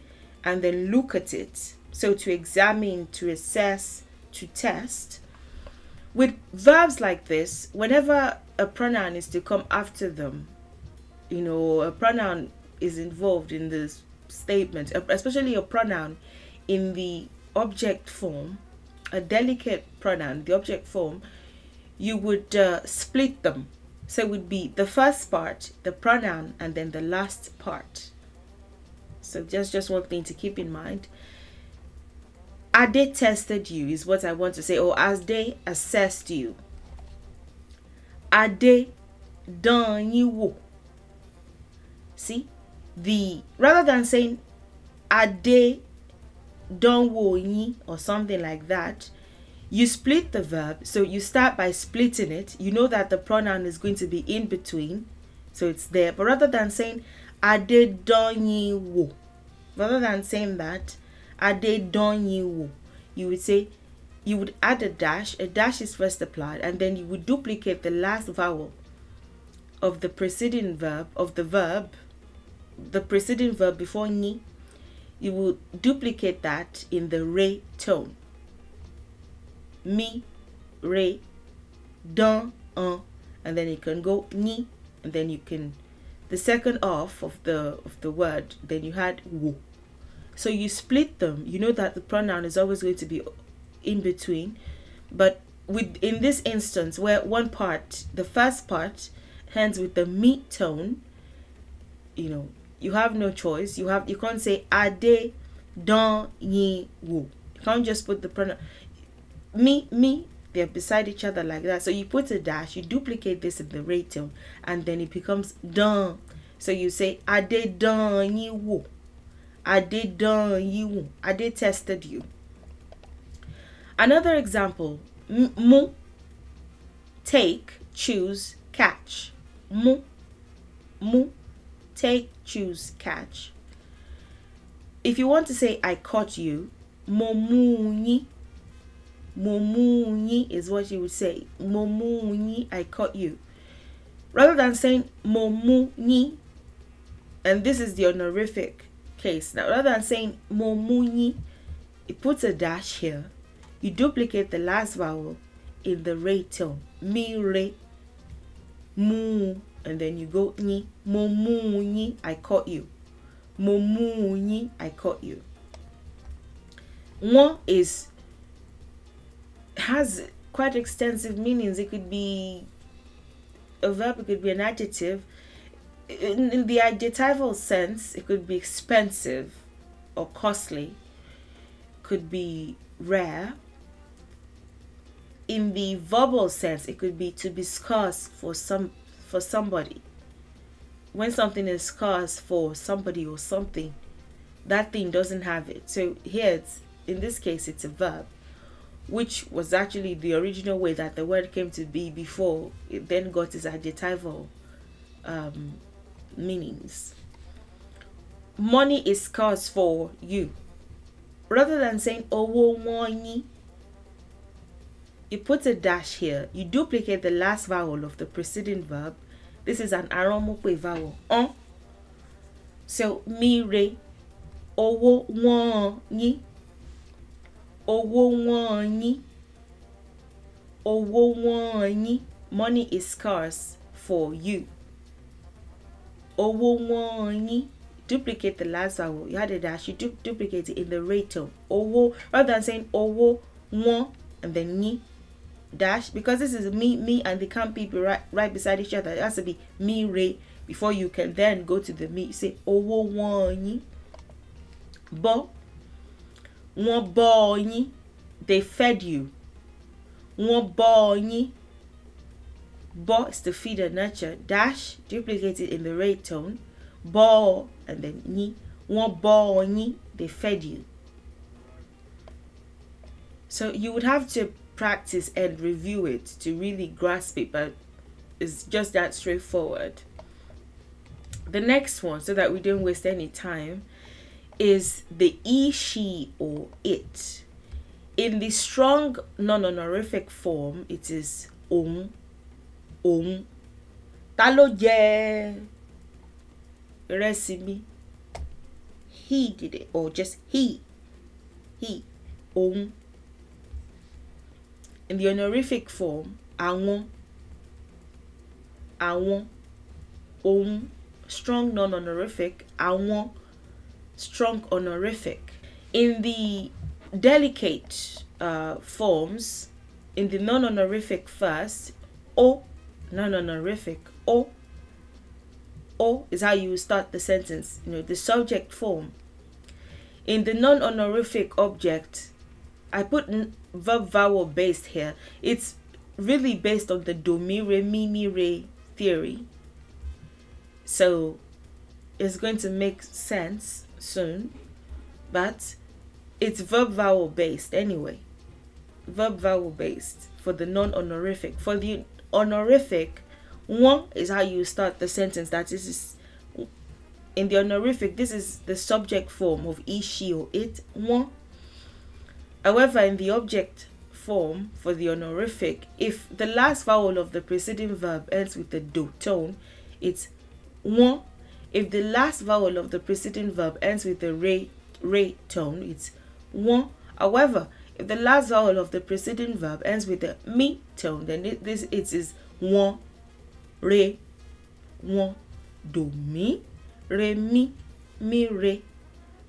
and then look at it. So to examine, to assess, to test. With verbs like this, whenever a pronoun is to come after them, you know, a pronoun is involved in this statement, especially a pronoun in the object form, a delicate pronoun, the object form, you would uh, split them. So it would be the first part, the pronoun, and then the last part. So just just one thing to keep in mind. Are they tested you is what I want to say, or as they assessed you. Are they done you? See, the rather than saying are they done wo or something like that, you split the verb. So you start by splitting it. You know that the pronoun is going to be in between. So it's there. But rather than saying wo," rather than saying that, wo," you would say, you would add a dash. A dash is first applied. And then you would duplicate the last vowel of the preceding verb, of the verb, the preceding verb before ni. You would duplicate that in the re tone mi, re, don, un, and then you can go ni, and then you can the second half of the of the word. Then you had wo. So you split them. You know that the pronoun is always going to be in between, but with in this instance where one part, the first part, ends with the mi tone. You know, you have no choice. You have you can't say ade, don, ni, wo. You can't just put the pronoun me, me, they're beside each other like that. So you put a dash, you duplicate this in the ratio, and then it becomes done. So you say, I did done you I did done you did tested you. Another example, mu, take, choose, catch. Mu, mu, take, choose, catch. If you want to say, I caught you, mo mu Momuni is what you would say. Momuni, I caught you. Rather than saying Momuni, and this is the honorific case. Now, rather than saying Momuni, it puts a dash here. You duplicate the last vowel in the re tone. Mi re, mu, and then you go ni. Momunyi, I caught you. Momuni, I caught you. Mo is has quite extensive meanings. It could be a verb, it could be an adjective. In, in the adjectival sense, it could be expensive or costly, could be rare. In the verbal sense, it could be to be scarce for some for somebody. When something is scarce for somebody or something, that thing doesn't have it. So here, it's, in this case, it's a verb which was actually the original way that the word came to be before it then got its adjectival um, meanings. Money is scarce for you. Rather than saying owo money, you put a dash here. You duplicate the last vowel of the preceding verb. This is an aromope vowel. On. So mi owo money owó wọ́n yín owó wọ́n yín money is scarce for you owó wọ́n yín duplicate the last vowel you had a dash you du duplicate it in the rato owó rather than saying owó wọ́n and then yín dash because this is me me and they can't be right right beside each other it has to be me re before you can then go to the me say owó wọ́n yín bọ́ wọ́n bọ́ yín they fed you wọ́n bọ́ ọ yín bọ́ is to feed and nurture dash duplicated in the red tone bọ́ and then ni. wọ́n bọ́ yín they fed you. So you would have to practice and review it to really grasp it, but it's just that straightforward. The next one, so that we don't waste any time, is the e, she, or it. In the strong non honorific form, it um um Ta ló jẹ He did it, or just he, he, um. In the honorific form, àwọn, àwọn, um Strong non honorific, àwọn strong honorific. In the delicate uh, forms, in the non honorific first, o, non honorific, o, o is how you start the sentence, you know, the subject form. In the non honorific object, I put verb vowel based here. It's really based on the do mi re mi re theory. So it's going to make sense soon, but it's verb vowel based anyway. Verb vowel based for the non honorific. For the honorific, one is how you start the sentence. That this is in the honorific, this is the subject form of e, she, or it. One. However, in the object form for the honorific, if the last vowel of the preceding verb ends with the do tone, it's one if the last vowel of the preceding verb ends with a re, re tone, it's won. However, if the last vowel of the preceding verb ends with a mi tone, then it, this it is won, re, won, do mi, re mi, mi re.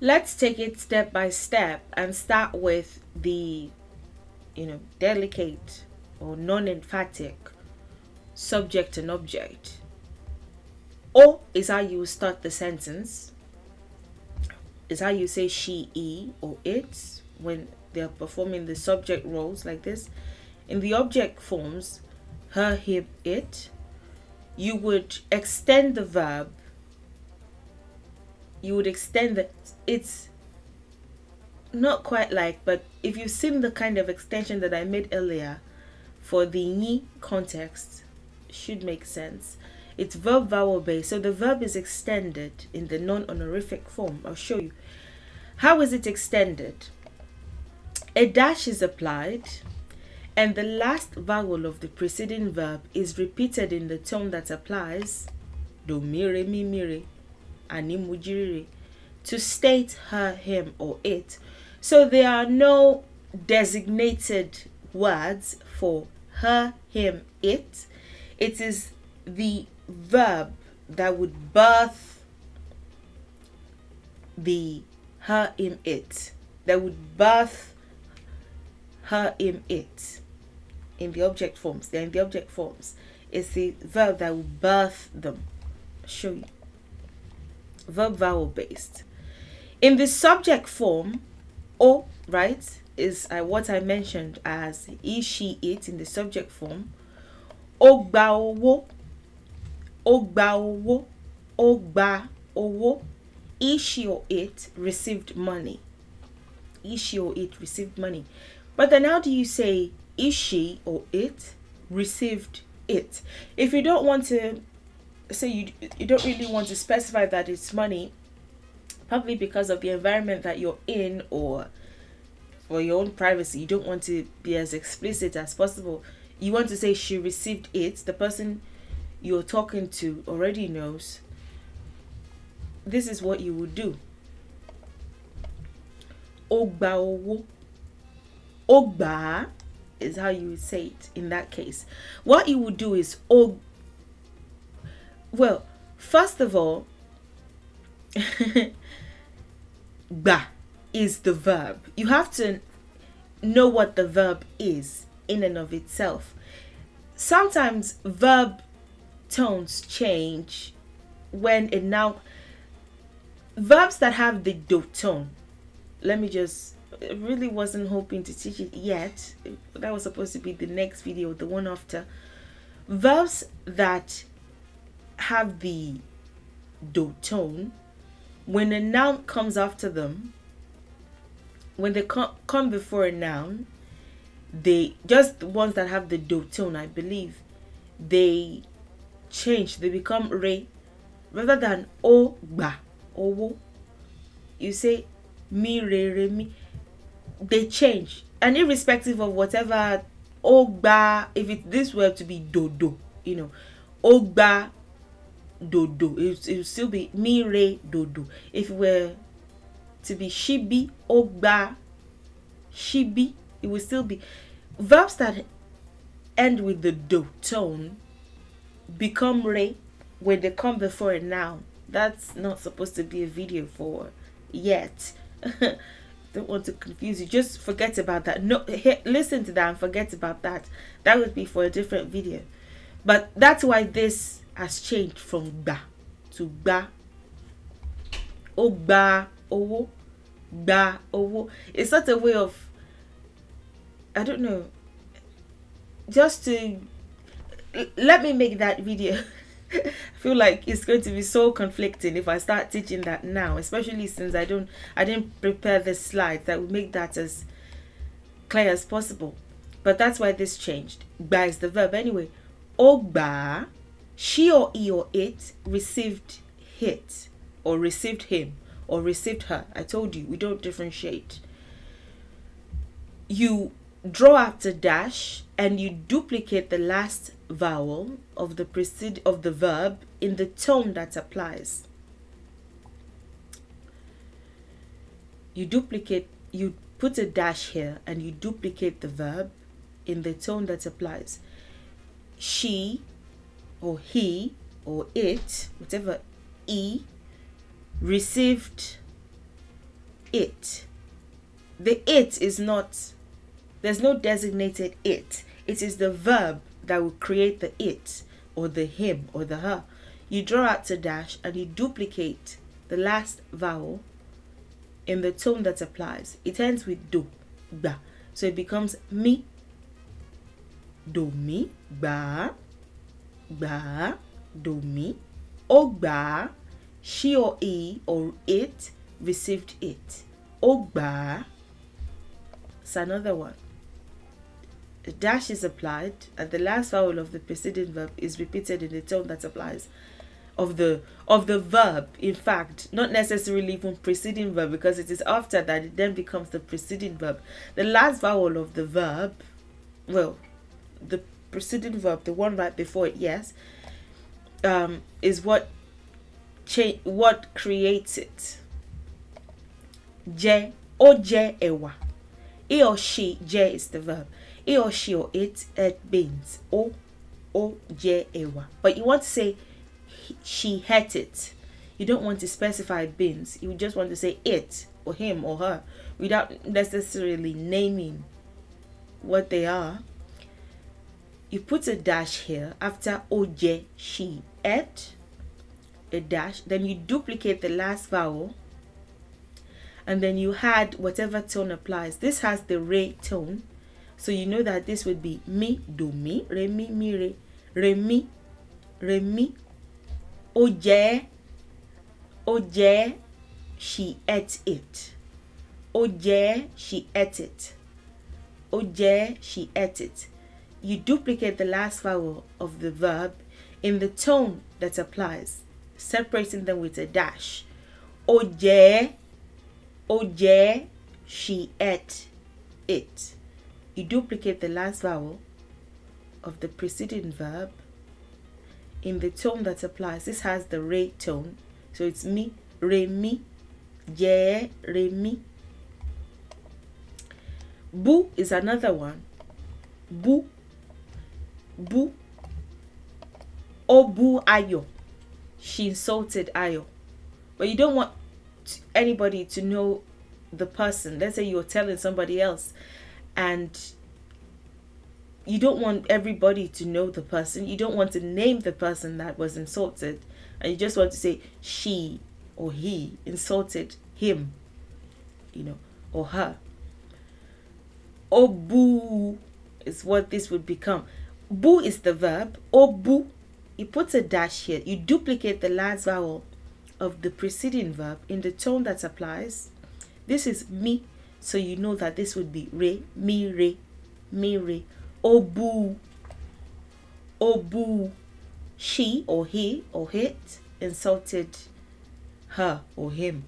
Let's take it step by step and start with the, you know, delicate or non-emphatic subject and object. Or is how you start the sentence. Is how you say she, e, or it when they're performing the subject roles like this. In the object forms, her, him, it, you would extend the verb. You would extend the. It's not quite like, but if you've seen the kind of extension that I made earlier for the ni context, should make sense. It's verb vowel based. So the verb is extended in the non-honorific form. I'll show you. How is it extended? A dash is applied and the last vowel of the preceding verb is repeated in the tone that applies do mire mi mire animujiri to state her him or it so there are no designated words for her him it it is the verb that would birth the her in it that would birth her in it in the object forms they're in the object forms it's the verb that will birth them I'll show you verb vowel based in the subject form o right is uh, what i mentioned as is she it in the subject form o ó gba owó ó gba owó she or oh it received money he she or oh it received money but then how do you say he she or oh it received it if you don't want to say you you don't really want to specify that it's money probably because of the environment that you're in or for your own privacy you don't want to be as explicit as possible you want to say she received it the person you're talking to already knows this is what you would do ogba owo ogba is how you would say it in that case what you would do is og well first of all [laughs] ba is the verb you have to know what the verb is in and of itself sometimes verb tones change when it now verbs that have the do tone let me just really wasn't hoping to teach it yet that was supposed to be the next video the one after verbs that have the do tone when a noun comes after them when they come, come before a noun they just the ones that have the do tone i believe they change, they become re. Rather than o ba owo, you say mi re re mi. They change. And irrespective of whatever o ba, if it this were to be dodo, you know, o ba dodo, it, it would still be mi re dodo. If it were to be shibi o ba shibi, it would still be verbs that end with the do tone become rape when they come before a noun. That's not supposed to be a video for yet. [laughs] Don't want to confuse you. Just forget about that. No, he, listen to that and forget about that. That would be for a different video. But that's why this has changed from ba to ba. Oh ba oh, ba oh. It's not a way of. I don't know. Just to let me make that video [laughs] I feel like it's going to be so conflicting if I start teaching that now especially since I don't I didn't prepare the slides that would make that as clear as possible but that's why this changed gba is the verb anyway ogba she or he or it received hit or received him or received her I told you we don't differentiate you draw out a dash and you duplicate the last vowel of the preced of the verb in the tone that applies. You duplicate you put a dash here and you duplicate the verb in the tone that applies. She or he or it, whatever E received it. The it is not there's no designated it. It is the verb that will create the it or the him or the her. You draw out the dash and you duplicate the last vowel in the tone that applies. It ends with do, ba. So it becomes mi, do mi, ba, ba, do mi, ogba, she or he or it received it. Ogba, it's another one. The dash is applied and the last vowel of the preceding verb is repeated in the tone that applies of the of the verb in fact not necessarily even preceding verb because it is after that it then becomes the preceding verb the last vowel of the verb well the preceding verb the one right before it yes um is what change what creates it je or je ewa he or she je is the verb he or she or it ate eh, beans. O O J A Y. But you want to say she had it. You don't want to specify beans. You just want to say it or him or her without necessarily naming what they are. You put a dash here after o j she ate a dash. Then you duplicate the last vowel and then you add whatever tone applies. This has the ray tone so you know that this would be mi, do, mi, re, mi, mi, re, re, mi, re, mi, ó jẹ, ó she ate it. Ó she ate it. Ó she ate it. You duplicate the last vowel of the verb in the tone that applies, separating them with a dash. Ó oje ó she ate it you duplicate the last vowel of the preceding verb in the tone that applies. This has the re tone, so it's mi, re, mi, yeah, re, mi. Bu is another one. Bu, bu, obu ayo. She insulted ayo, but you don't want anybody to know the person. Let's say you're telling somebody else and you don't want everybody to know the person. You don't want to name the person that was insulted. And you just want to say she or he insulted him, you know, or her. Obu is what this would become. Bu is the verb. Obu, you put a dash here. You duplicate the last vowel of the preceding verb in the tone that applies. This is me so you know that this would be re, mi, re, mi, re. Obu, obu. She or he or hit insulted her or him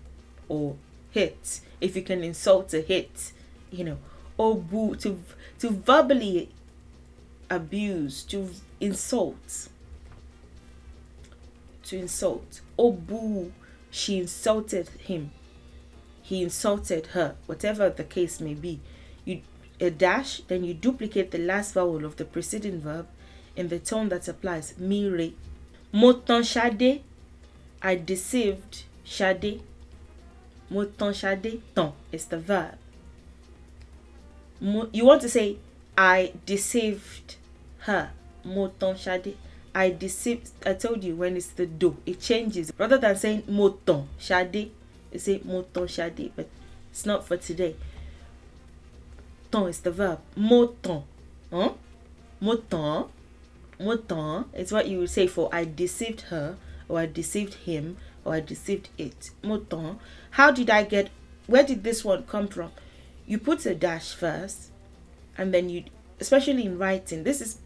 or hit. If you can insult a hit, you know, obu, to, to verbally abuse, to insult. To insult. Obu, she insulted him he insulted her, whatever the case may be. You a dash, then you duplicate the last vowel of the preceding verb in the tone that applies. Mire. Motan shade. I deceived shade. Motan shade. Ton is the verb. you want to say I deceived her. Motan shade. I deceived. I told you when it's the do, it changes. Rather than saying motan shade, is it moton shadi? But it's not for today. Ton is the verb. Moton. Huh? Moton. Moton is what you would say for I deceived her or I deceived him or I deceived it. Moton. How did I get where did this one come from? You put a dash first and then you especially in writing. This is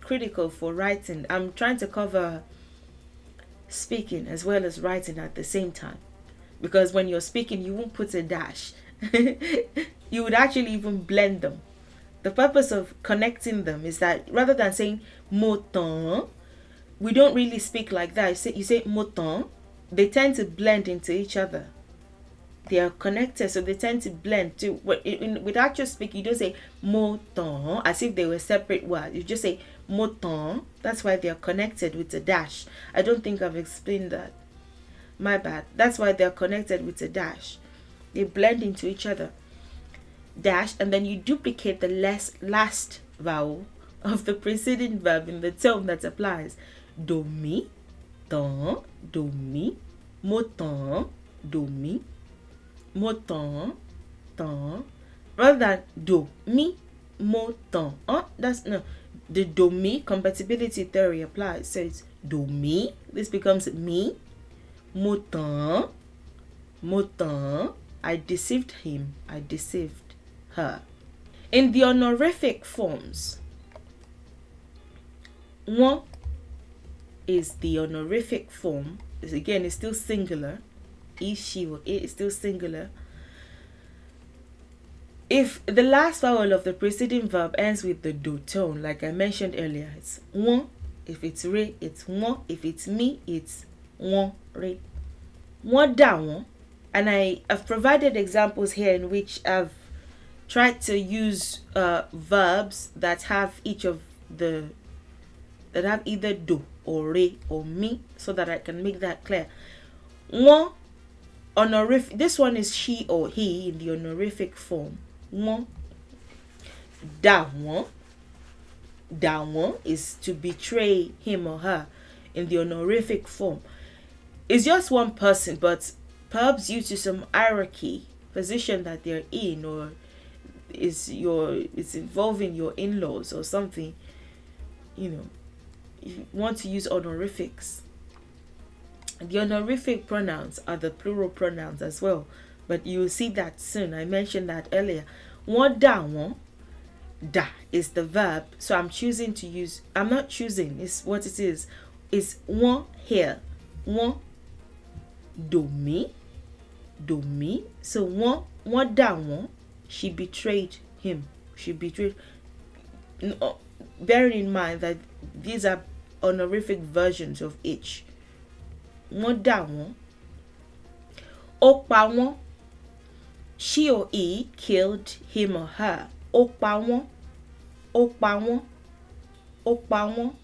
critical for writing. I'm trying to cover speaking as well as writing at the same time because when you're speaking you won't put a dash [laughs] you would actually even blend them the purpose of connecting them is that rather than saying moton we don't really speak like that you say, you say moton they tend to blend into each other they are connected so they tend to blend too. without just speaking you don't say moton as if they were separate words you just say moton that's why they are connected with a dash i don't think i've explained that my bad. That's why they're connected with a dash. They blend into each other. Dash, and then you duplicate the less, last vowel of the preceding verb in the tone that applies. Domi, ton, domi, motan, domi, motan, ton, rather than do, mi, motan. Oh, that's no. The do, compatibility theory applies. So it's do, This becomes me, Motan, motan. I deceived him. I deceived her. In the honorific forms, one is the honorific form. It's, again, it's still singular. Is she it is still singular. If the last vowel of the preceding verb ends with the do tone, like I mentioned earlier, it's one. If it's re, it's one. If it's me, it's wọ́n re, Wọ́n dà And I have provided examples here in which I've tried to use uh, verbs that have each of the that have either do or re or me so that I can make that clear. One honorific this one is she or he in the honorific form. One da one da one is to betray him or her in the honorific form it's just one person, but perhaps due to some hierarchy position that they're in, or is your it's involving your in-laws or something, you know, you want to use honorifics. The honorific pronouns are the plural pronouns as well, but you'll see that soon. I mentioned that earlier. Wọ́n dà wọ́n, da is the verb, so I'm choosing to use. I'm not choosing. It's what it is. It's wọ́n here, wọ́n Domi Domi so one, one dà one she betrayed him she betrayed no, uh, bearing in mind that these are honorific versions of each wọ́n dà wọ́n she or he killed him or her ó pa wọ́n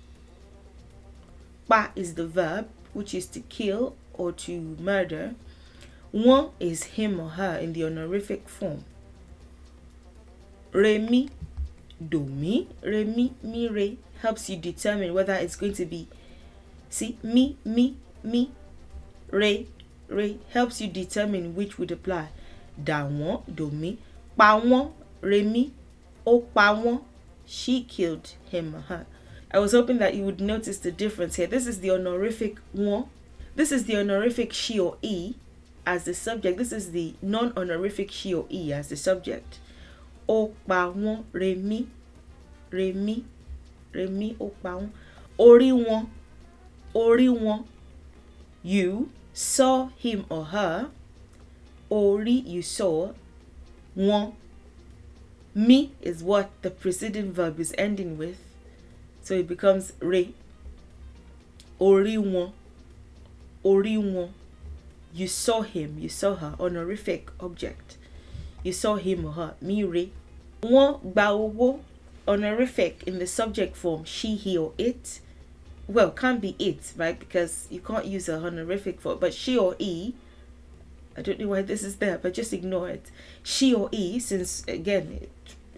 pa is the verb which is to kill or to murder. One is him or her in the honorific form. Remi, domi, remi, mi, re helps you determine whether it's going to be. See, me, me, me, re, re helps you determine which would apply. Da won, domi, pa won, remi, o pa won. She killed him or her. I was hoping that you would notice the difference here. This is the honorific one this is the honorific she or he as the subject. This is the non-honorific she or he as the subject. Ó pa wọ́n remi remi remi ó pa wọ́n. Orí wọn orí wọn. You saw him or her. Orí you saw. Wọ́n. Me is what the preceding verb is ending with. So it becomes re. Orí wọn. Oriwo, You saw him, you saw her, honorific object. You saw him or her, Miri. wo Baowo, honorific in the subject form, she, he, or it. Well, can't be it, right? Because you can't use a honorific for but she or he. I don't know why this is there, but just ignore it. She or he, since again,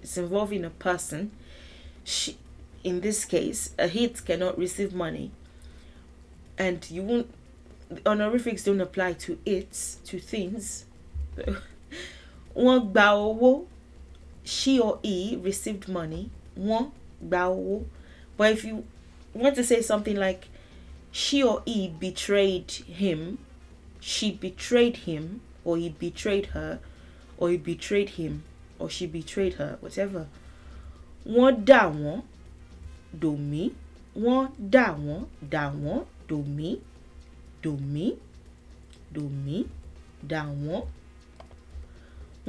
it's involving a person. She, in this case, a hit cannot receive money, and you won't honorifics don't apply to it to things One bao she or he received money One bao but if you want to say something like she or he betrayed him she betrayed him or he betrayed her or he betrayed him or she betrayed her whatever One dà one, dò me wọ́n dà one, dà one, dò me do dòmí da dàwọn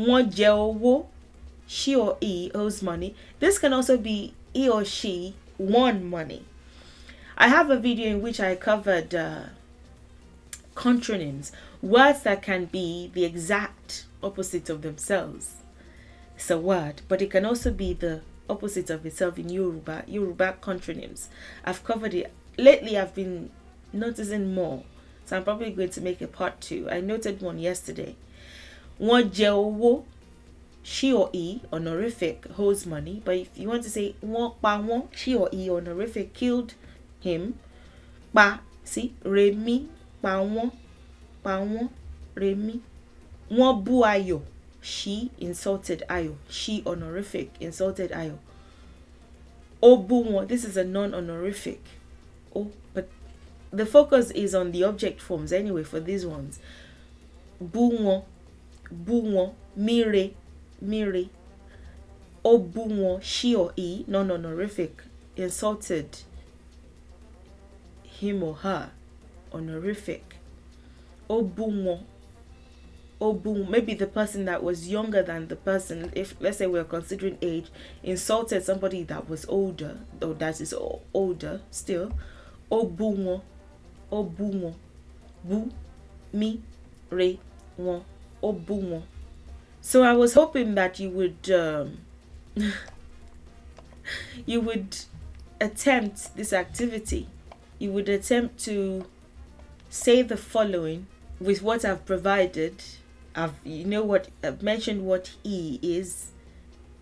wọ́n jẹ owó she or he owes money. This can also be he or she won money. I have a video in which I covered uh, contronyms, words that can be the exact opposite of themselves. It's a word, but it can also be the opposite of itself in Yoruba, Yoruba contronyms. I've covered it. Lately, I've been noticing more so I'm probably going to make a part two. I noted one yesterday. One jẹ she or he, honorific, holds money. But if you want to say wọ́n she or he, honorific, killed him. Pa, see, remi, pa wọ́n, pa remi. Wọ́n bú Ayọ̀, she insulted Ayọ̀. She, honorific, insulted Ayọ̀. Ó bú this is a non-honorific. Ó the focus is on the object forms anyway for these ones. Bungo, bungo, mire, mire. Obungo, she or he, no, no, honorific, insulted him or her, honorific. Obungo, obungo, maybe the person that was younger than the person, if let's say we're considering age, insulted somebody that was older, though that is older still. Obungo, ó bú wọn bú mi re wọn ó bú wọn. So I was hoping that you would um, [laughs] you would attempt this activity. You would attempt to say the following with what I've provided. I've you know what I've mentioned what E is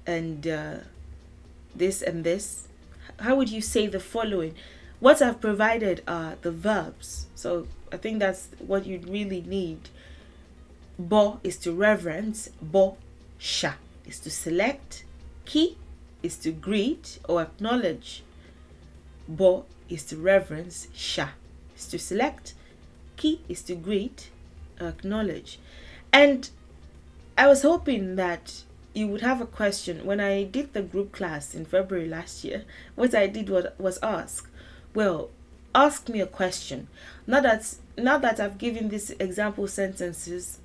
and uh, this and this. How would you say the following? What I've provided are the verbs. So I think that's what you really need. Bo is to reverence, bo sha is to select, ki is to greet or acknowledge. Bo is to reverence, sha is to select, ki is to greet, acknowledge. And I was hoping that you would have a question. When I did the group class in February last year, what I did was, was ask, well, ask me a question. Now that now that I've given these example sentences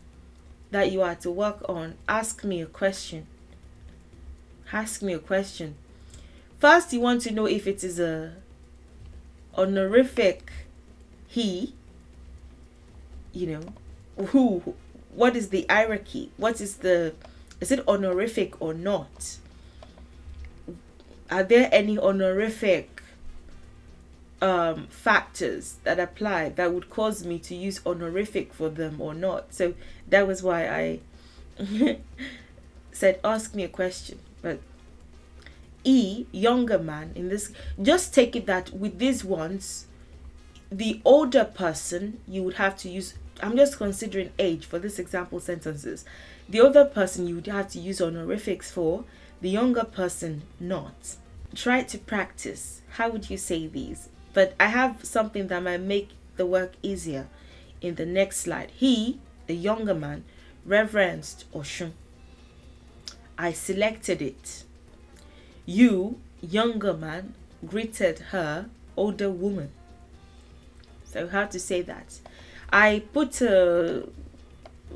that you are to work on, ask me a question. Ask me a question. First, you want to know if it is a honorific he, you know, who, what is the hierarchy? What is the, is it honorific or not? Are there any honorific um, factors that apply that would cause me to use honorific for them or not. So that was why I [laughs] said, ask me a question. But E, younger man, in this, just take it that with these ones, the older person, you would have to use, I'm just considering age for this example sentences. The older person, you would have to use honorifics for, the younger person, not. Try to practice. How would you say these? But I have something that might make the work easier. In the next slide, he, the younger man, reverenced Oshun. I selected it. You, younger man, greeted her, older woman. So how to say that? I put a,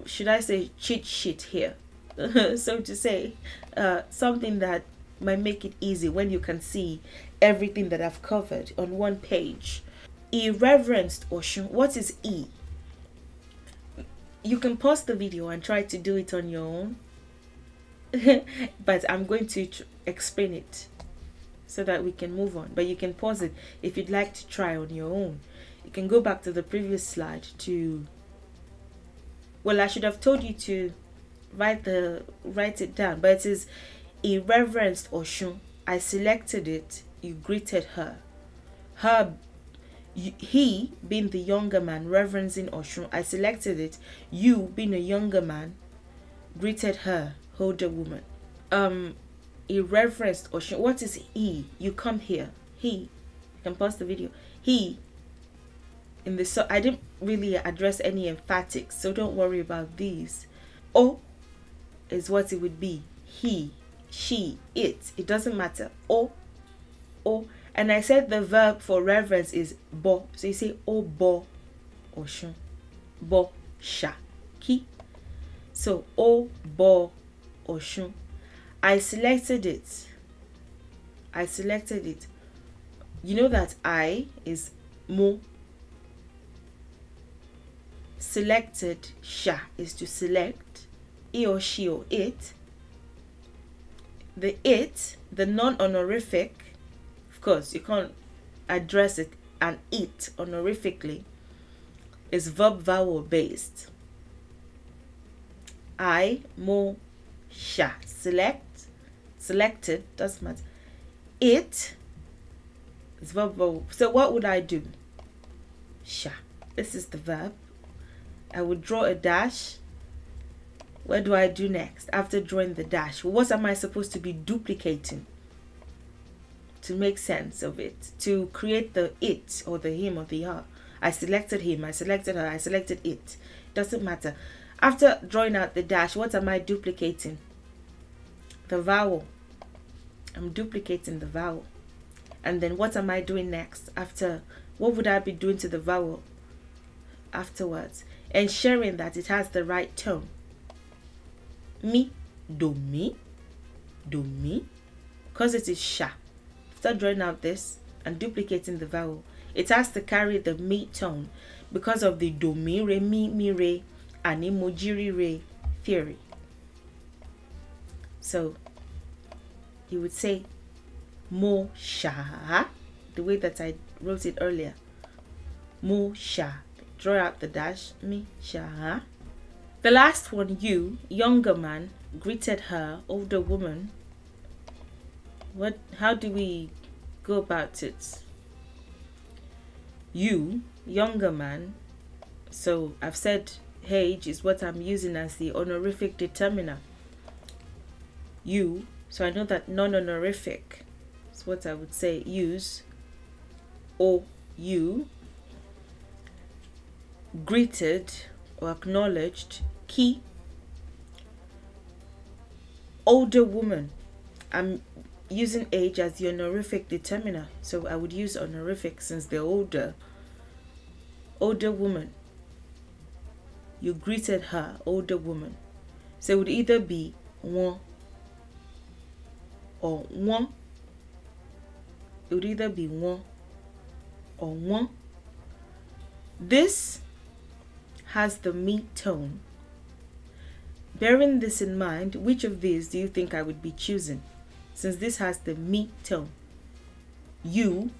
should I say, cheat sheet here. [laughs] so to say, uh, something that might make it easy when you can see everything that I've covered on one page. He reverenced Oshun. What is E? You can pause the video and try to do it on your own. [laughs] but I'm going to explain it so that we can move on. But you can pause it if you'd like to try on your own. You can go back to the previous slide to... Well, I should have told you to write the write it down, but it is a reverenced Oshun. I selected it you greeted her. Her he being the younger man reverencing Oshun, I selected it. You being a younger man greeted her, older woman. Um he reverenced Oshun. What is he? You come here. He you can pause the video. He in the so I didn't really address any emphatics, so don't worry about these. O is what it would be. He, she, it. It doesn't matter. O o. And I said the verb for reverence is bo. So you say o bo oshun. Bo sha ki. So o bo oshun. I selected it. I selected it. You know that I is mo. Selected sha is to select. I or she or it. The it, the non honorific, of course you can't address it and it honorifically It's verb vowel based i mo sha select selected doesn't matter it is verb vowel so what would i do sha this is the verb i would draw a dash what do i do next after drawing the dash what am i supposed to be duplicating to make sense of it, to create the it or the him or the her. I selected him, I selected her, I selected it. Doesn't matter. After drawing out the dash, what am I duplicating? The vowel. I'm duplicating the vowel. And then what am I doing next? After what would I be doing to the vowel afterwards? Ensuring that it has the right tone. Me, do me, do me, because it is sharp. Start drawing out this and duplicating the vowel. It has to carry the mi tone because of the do mi re mi mi re and emojiri re theory. So you would say mo sha the way that I wrote it earlier. Mo sha. Draw out the dash mi sha. The last one, you, younger man, greeted her, older woman, what how do we go about it you younger man so i've said age is what i'm using as the honorific determiner you so i know that non-honorific is what i would say use or you greeted or acknowledged key older woman i'm using age as the honorific determiner. So I would use honorific since they're older. Older woman. You greeted her, older woman. So it would either be one or one. It would either be one or one. This has the meat tone. Bearing this in mind, which of these do you think I would be choosing? Since this has the me tone, you,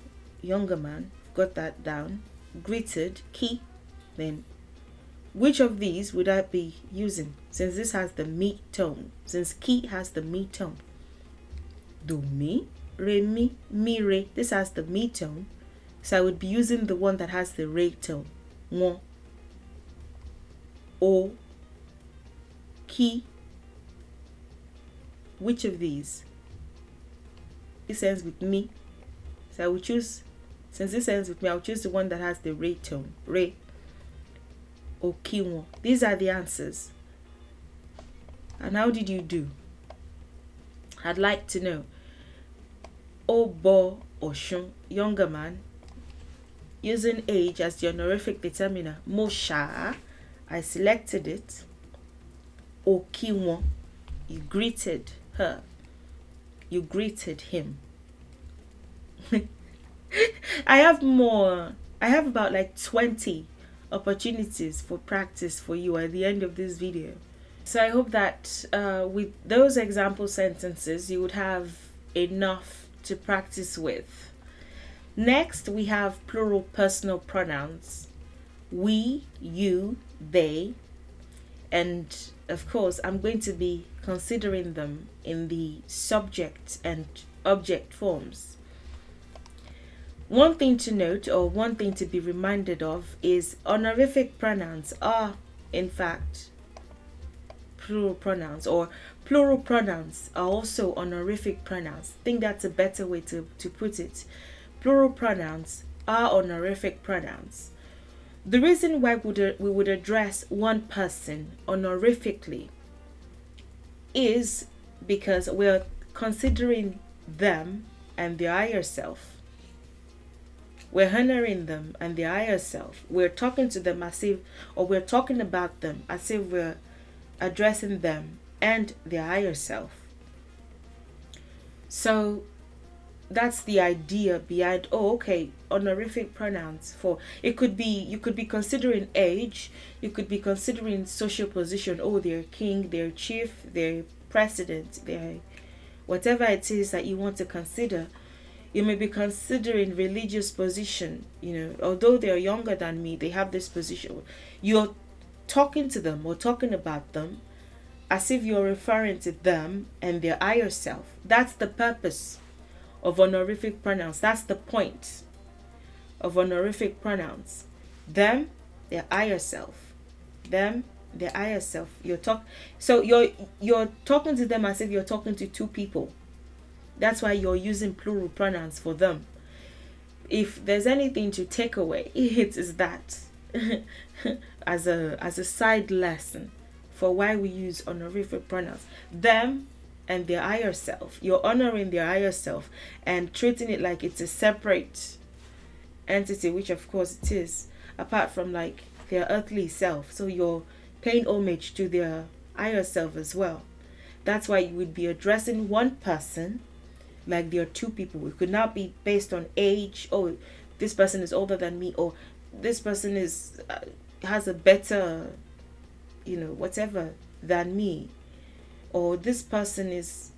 younger man, got that down, greeted, key, then which of these would I be using since this has the me tone? Since ki has the me tone. Do me, re mi, mi re. This has the me tone. So I would be using the one that has the re tone. Mo, o, ki. Which of these? it ends with me. So I will choose, since this ends with me, I'll choose the one that has the ray tone. Re. Okiwo. These are the answers. And how did you do? I'd like to know. Obo Oshun, younger man, using age as the honorific determiner. Mosha, I selected it. Okiwo, you greeted her you greeted him. [laughs] I have more. I have about like 20 opportunities for practice for you at the end of this video. So I hope that uh, with those example sentences, you would have enough to practice with. Next, we have plural personal pronouns. We, you, they, and of course, I'm going to be considering them in the subject and object forms. One thing to note or one thing to be reminded of is honorific pronouns are in fact plural pronouns or plural pronouns are also honorific pronouns. I think that's a better way to, to put it. Plural pronouns are honorific pronouns. The reason why we would address one person honorifically is because we're considering them and the higher self. We're honoring them and the higher self. We're talking to them as if, or we're talking about them as if we're addressing them and the higher self. So that's the idea behind oh okay honorific pronouns for it could be you could be considering age you could be considering social position oh they're king they're chief they're president they're whatever it is that you want to consider you may be considering religious position you know although they're younger than me they have this position you're talking to them or talking about them as if you're referring to them and their higher self that's the purpose of honorific pronouns. That's the point of honorific pronouns. Them, their higher self. Them, their higher self. You're talk so you're you're talking to them as if you're talking to two people. That's why you're using plural pronouns for them. If there's anything to take away, [laughs] it is that [laughs] as a as a side lesson for why we use honorific pronouns. Them, and their higher self. You're honoring their higher self and treating it like it's a separate entity, which of course it is, apart from like their earthly self. So you're paying homage to their higher self as well. That's why you would be addressing one person like there are two people. It could not be based on age. Oh, this person is older than me, or this person is uh, has a better, you know, whatever than me or this person is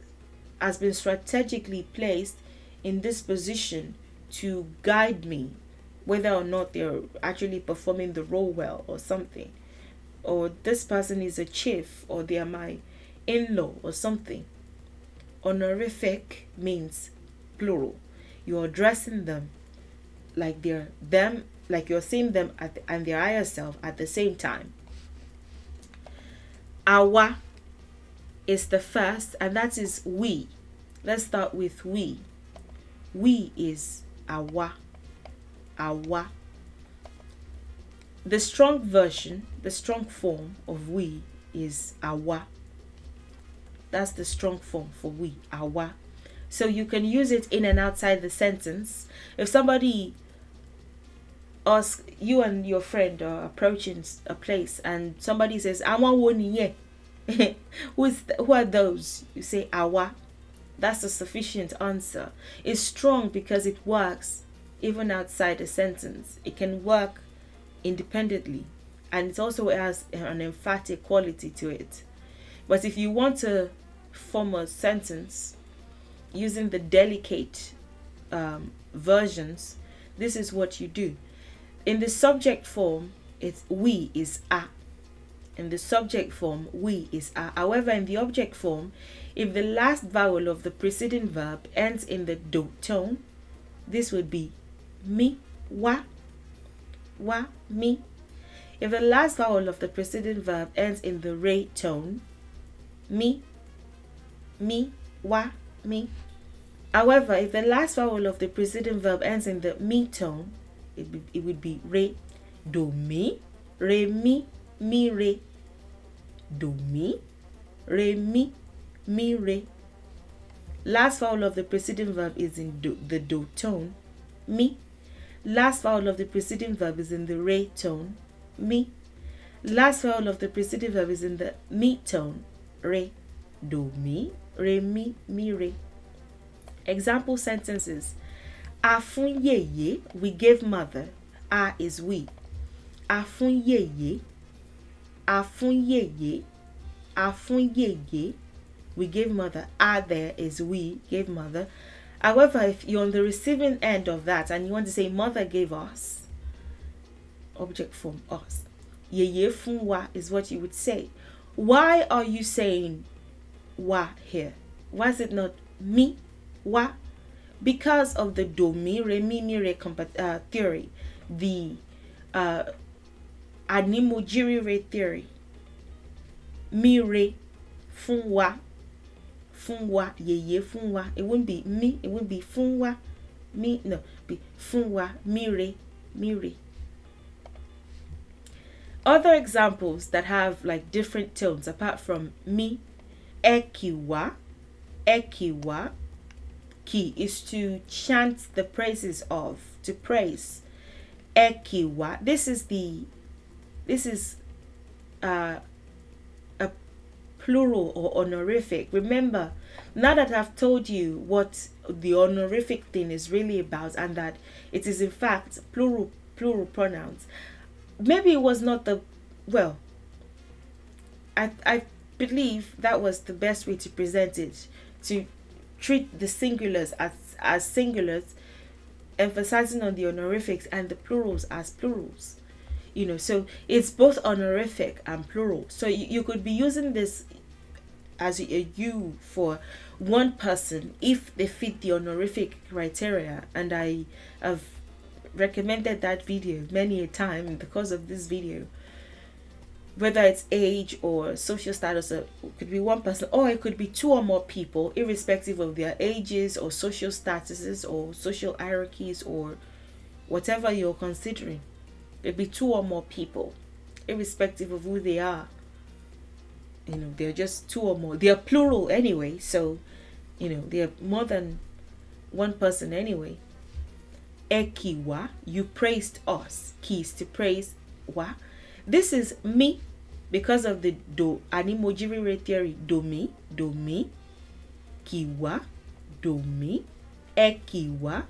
has been strategically placed in this position to guide me whether or not they're actually performing the role well or something or this person is a chief or they are my in-law or something honorific means plural you're addressing them like they're them like you're seeing them at the, and their higher self at the same time awa is the first, and that is we. Let's start with we. We is awa. Awa. The strong version, the strong form of we is awa. That's the strong form for we, awa. So you can use it in and outside the sentence. If somebody asks you and your friend are approaching a place and somebody says, I want one yeah [laughs] who, is th- who are those? You say Awa. That's a sufficient answer. It's strong because it works even outside a sentence. It can work independently and it also has an emphatic quality to it. But if you want to form a sentence using the delicate um, versions, this is what you do. In the subject form, it's we is a in the subject form, we is a. However, in the object form, if the last vowel of the preceding verb ends in the do tone, this would be mi, wa, wa, mi. If the last vowel of the preceding verb ends in the re tone, mi, mi, wa, mi. However, if the last vowel of the preceding verb ends in the mi tone, it, be, it would be re, do mi, re mi, mi re do mi re mi mi re last vowel of the preceding verb is in do, the do tone mi last vowel of the preceding verb is in the re tone mi last vowel of the preceding verb is in the mi tone re do mi re mi mi re example sentences afun ye ye, we gave mother a is we afun ye. Afunyeye. Afunyeye. We gave mother. A there is we gave mother. However, if you're on the receiving end of that and you want to say mother gave us, object from us. Yeye funwa is what you would say. Why are you saying wa here? Why is it not me? Wa? Because of the do mi re mi mi re uh, theory, the uh, Animojiri mo theory mi re fún wa fún wa yèyé fún wa it would not be me it would not be fún wa mi no be fún wa mi re mi re. Other examples that have like different tones apart from mi, ekiwa, ekiwa, ki is to chant the praises of, to praise. Ekiwa. This is the this is uh, a plural or honorific. Remember, now that I've told you what the honorific thing is really about and that it is in fact plural plural pronouns, maybe it was not the well. I I believe that was the best way to present it to treat the singulars as as singulars emphasizing on the honorifics and the plurals as plurals you know so it's both honorific and plural so you, you could be using this as a you for one person if they fit the honorific criteria and i have recommended that video many a time because of this video whether it's age or social status it could be one person or it could be two or more people irrespective of their ages or social statuses or social hierarchies or whatever you're considering maybe two or more people, irrespective of who they are. You know, they're just two or more. They are plural anyway, so you know they are more than one person anyway. Ekiwa, you praised us. Keys to praise wa. This is me because of the do animojiri theory. Do me, do me, kiwa, do me, ekiwa,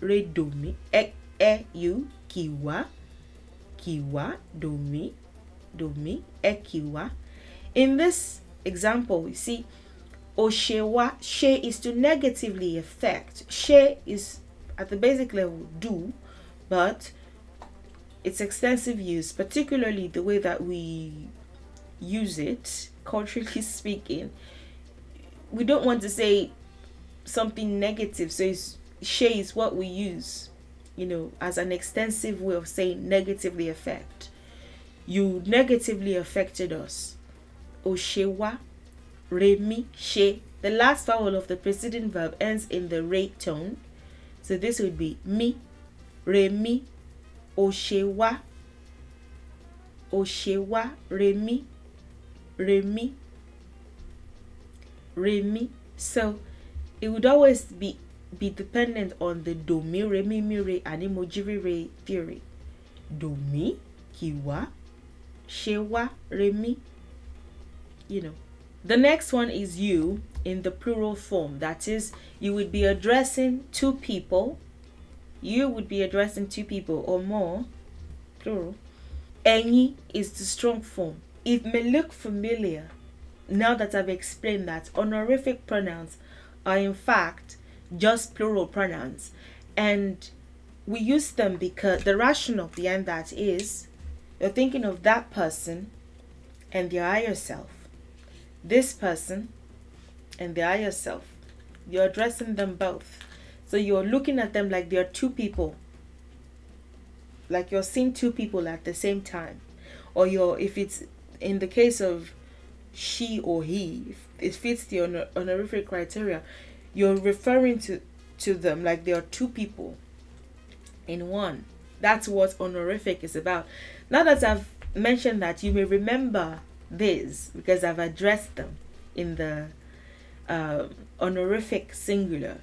re do me, ek eu kiwa kiwa domi domi Kiwa. in this example we see oshewa she is to negatively affect she is at the basic level do but its extensive use particularly the way that we use it culturally [laughs] speaking we don't want to say something negative so it's she is what we use you know, as an extensive way of saying negatively affect. You negatively affected us. Oshewa, remi, she. The last vowel of the preceding verb ends in the re tone. So this would be mi, remi, oshewa, oshewa, remi, remi, remi. So it would always be be dependent on the do mi re mi mi re and imojiri re theory. Do mi ki wa she wa re mi. You know. The next one is you in the plural form. That is, you would be addressing two people. You would be addressing two people or more. Plural. Any is the strong form. It may look familiar now that I've explained that honorific pronouns are in fact just plural pronouns. And we use them because the rationale behind that is you're thinking of that person and their higher self, this person and their higher self. You're addressing them both. So you're looking at them like they're two people, like you're seeing two people at the same time. Or you're, if it's in the case of she or he, it fits the honor honorific criteria, you're referring to to them like they are two people in one that's what honorific is about now that i've mentioned that you may remember this because i've addressed them in the uh, honorific singular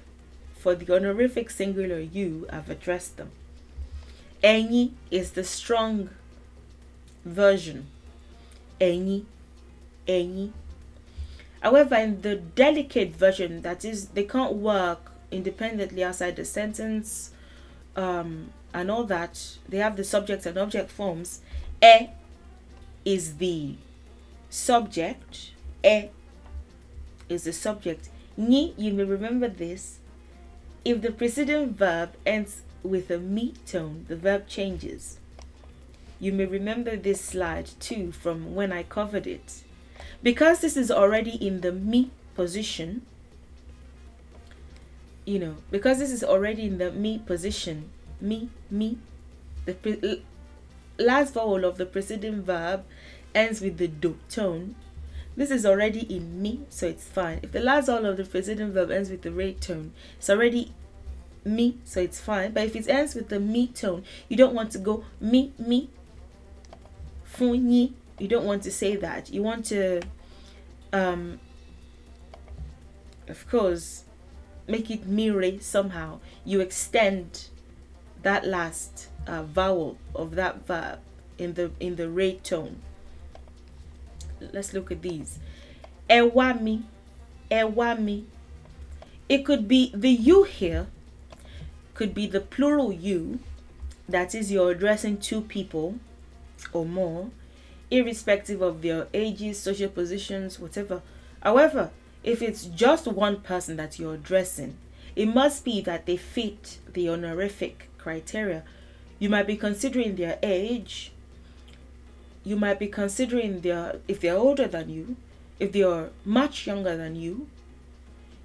for the honorific singular you i've addressed them any is the strong version any any However, in the delicate version, that is, they can't work independently outside the sentence um, and all that, they have the subject and object forms. E is the subject. E is the subject. Ni, you may remember this. If the preceding verb ends with a mid tone, the verb changes. You may remember this slide too from when I covered it. Because this is already in the me position, you know, because this is already in the me position, me, me, the last vowel of the preceding verb ends with the do tone. This is already in me, so it's fine. If the last vowel of the preceding verb ends with the red tone, it's already me, so it's fine. But if it ends with the me tone, you don't want to go me, me, you don't want to say that you want to um of course make it mirror somehow you extend that last uh, vowel of that verb in the in the rate tone let's look at these ewami ewami it could be the you here could be the plural you that is you're addressing two people or more irrespective of their ages, social positions, whatever. However, if it's just one person that you're addressing, it must be that they fit the honorific criteria. You might be considering their age, you might be considering their if they're older than you, if they are much younger than you,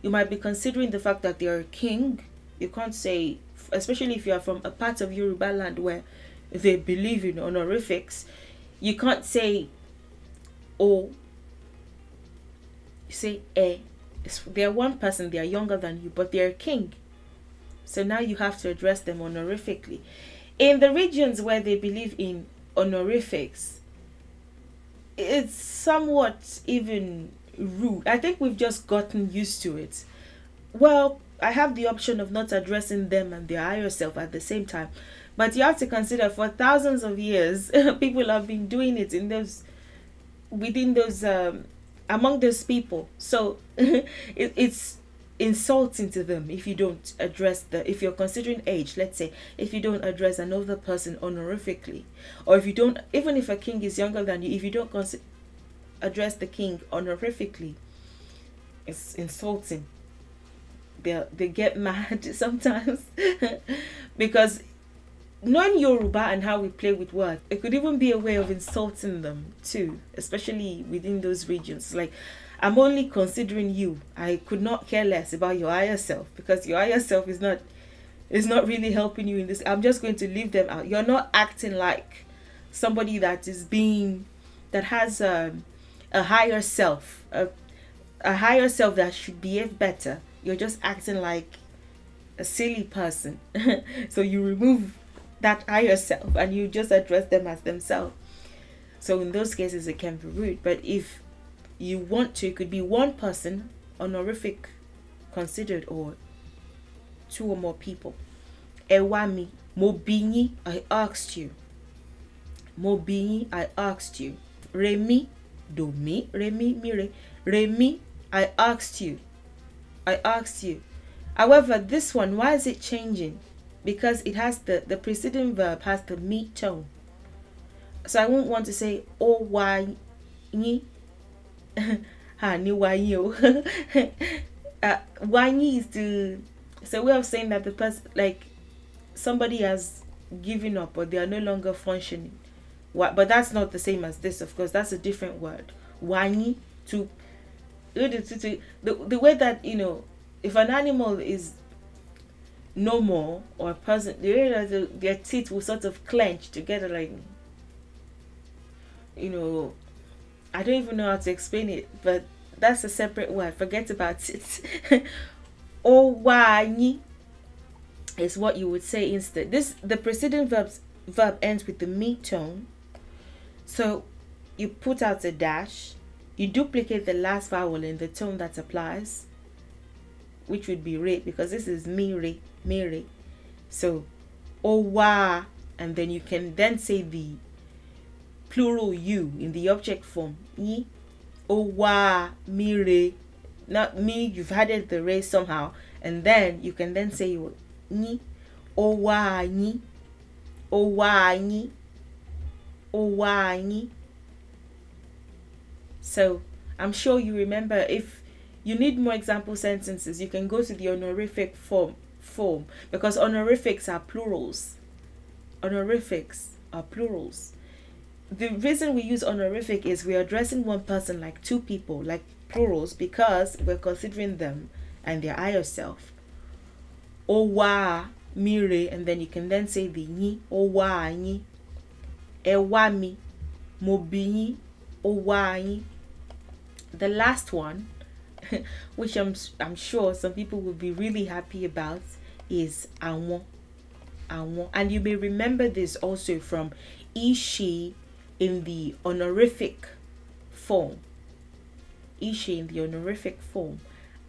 you might be considering the fact that they are a king. You can't say, especially if you are from a part of Yoruba land where they believe in honorifics, you can't say oh. You say eh. they're one person, they are younger than you, but they're a king. So now you have to address them honorifically. In the regions where they believe in honorifics, it's somewhat even rude. I think we've just gotten used to it. Well, I have the option of not addressing them and their higher self at the same time. But you have to consider for thousands of years, [laughs] people have been doing it in those, within those, um, among those people. So [laughs] it, it's insulting to them if you don't address the if you're considering age let's say if you don't address another person honorifically or if you don't even if a king is younger than you if you don't address the king honorifically it's insulting they they get [laughs] mad sometimes because knowing Yoruba and how we play with words, it could even be a way of insulting them too, especially within those regions. Like, I'm only considering you. I could not care less about your higher self because your higher self is not is not really helping you in this. I'm just going to leave them out. You're not acting like somebody that is being that has a, um, a higher self, a, a higher self that should behave better. You're just acting like a silly person. [laughs] so you remove that are yourself and you just address them as themselves. So in those cases, it can be rude. But if you want to, it could be one person, honorific considered, or two or more people. Ewami, Mobini, I asked you. Mobini, I asked you. Remi, do me, Remi, Mire. Remi, I asked you. I asked you. However, this one, why is it changing? because it has the, the preceding verb has the mid tone. So I won't want to say oh why ni. [laughs] ha ni wa yo. [laughs] Uh, is the so way of saying that the person like somebody has given up or they are no longer functioning. But that's not the same as this, of course. That's a different word. Wani to the the way that you know if an animal is no more or a person you know, their teeth will sort of clench together like you know i don't even know how to explain it but that's a separate word forget about [laughs] it owanyi is what you would say instead this the preceding verbs verb ends with the me tone so you put out a dash you duplicate the last vowel in the tone that applies which would be re because this is me re Mary. So, Owa, and then you can then say the plural you in the object form. ni, Owa, Mire. Not me, you've added the re somehow. And then you can then say ni, Owa, ni, Owa, ni, Owa, ni. So, I'm sure you remember if you need more example sentences, you can go to the honorific form form because honorifics are plurals. Honorifics are plurals. The reason we use honorific is we are addressing one person like two people, like plurals, because we're considering them and their higher self. Owa mire, and then you can then say the ni, owa ni, ewami, mobini, owa ni. The last one, [laughs] which I'm I'm sure some people will be really happy about, is àwọn. Àwọn. And you may remember this also from ishi in the honorific form. Ishi in the honorific form.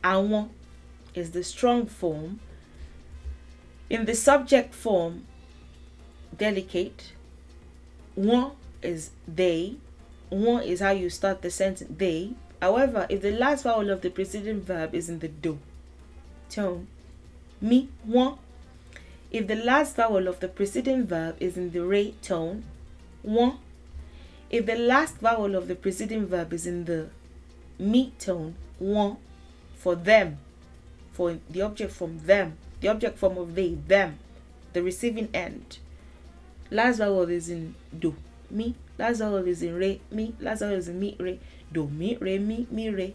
Àwọn is the strong form. In the subject form, delicate. One is they. One is how you start the sentence they. However, if the last vowel of the preceding verb is in the do tone, me one. If the last vowel of the preceding verb is in the re tone, one. If the last vowel of the preceding verb is in the mi tone, one. For them, for the object from them, the object form of they, them, the receiving end. Last vowel is in do, me. Last vowel is in re, me. Last vowel is in me re. Do, me re, me me re.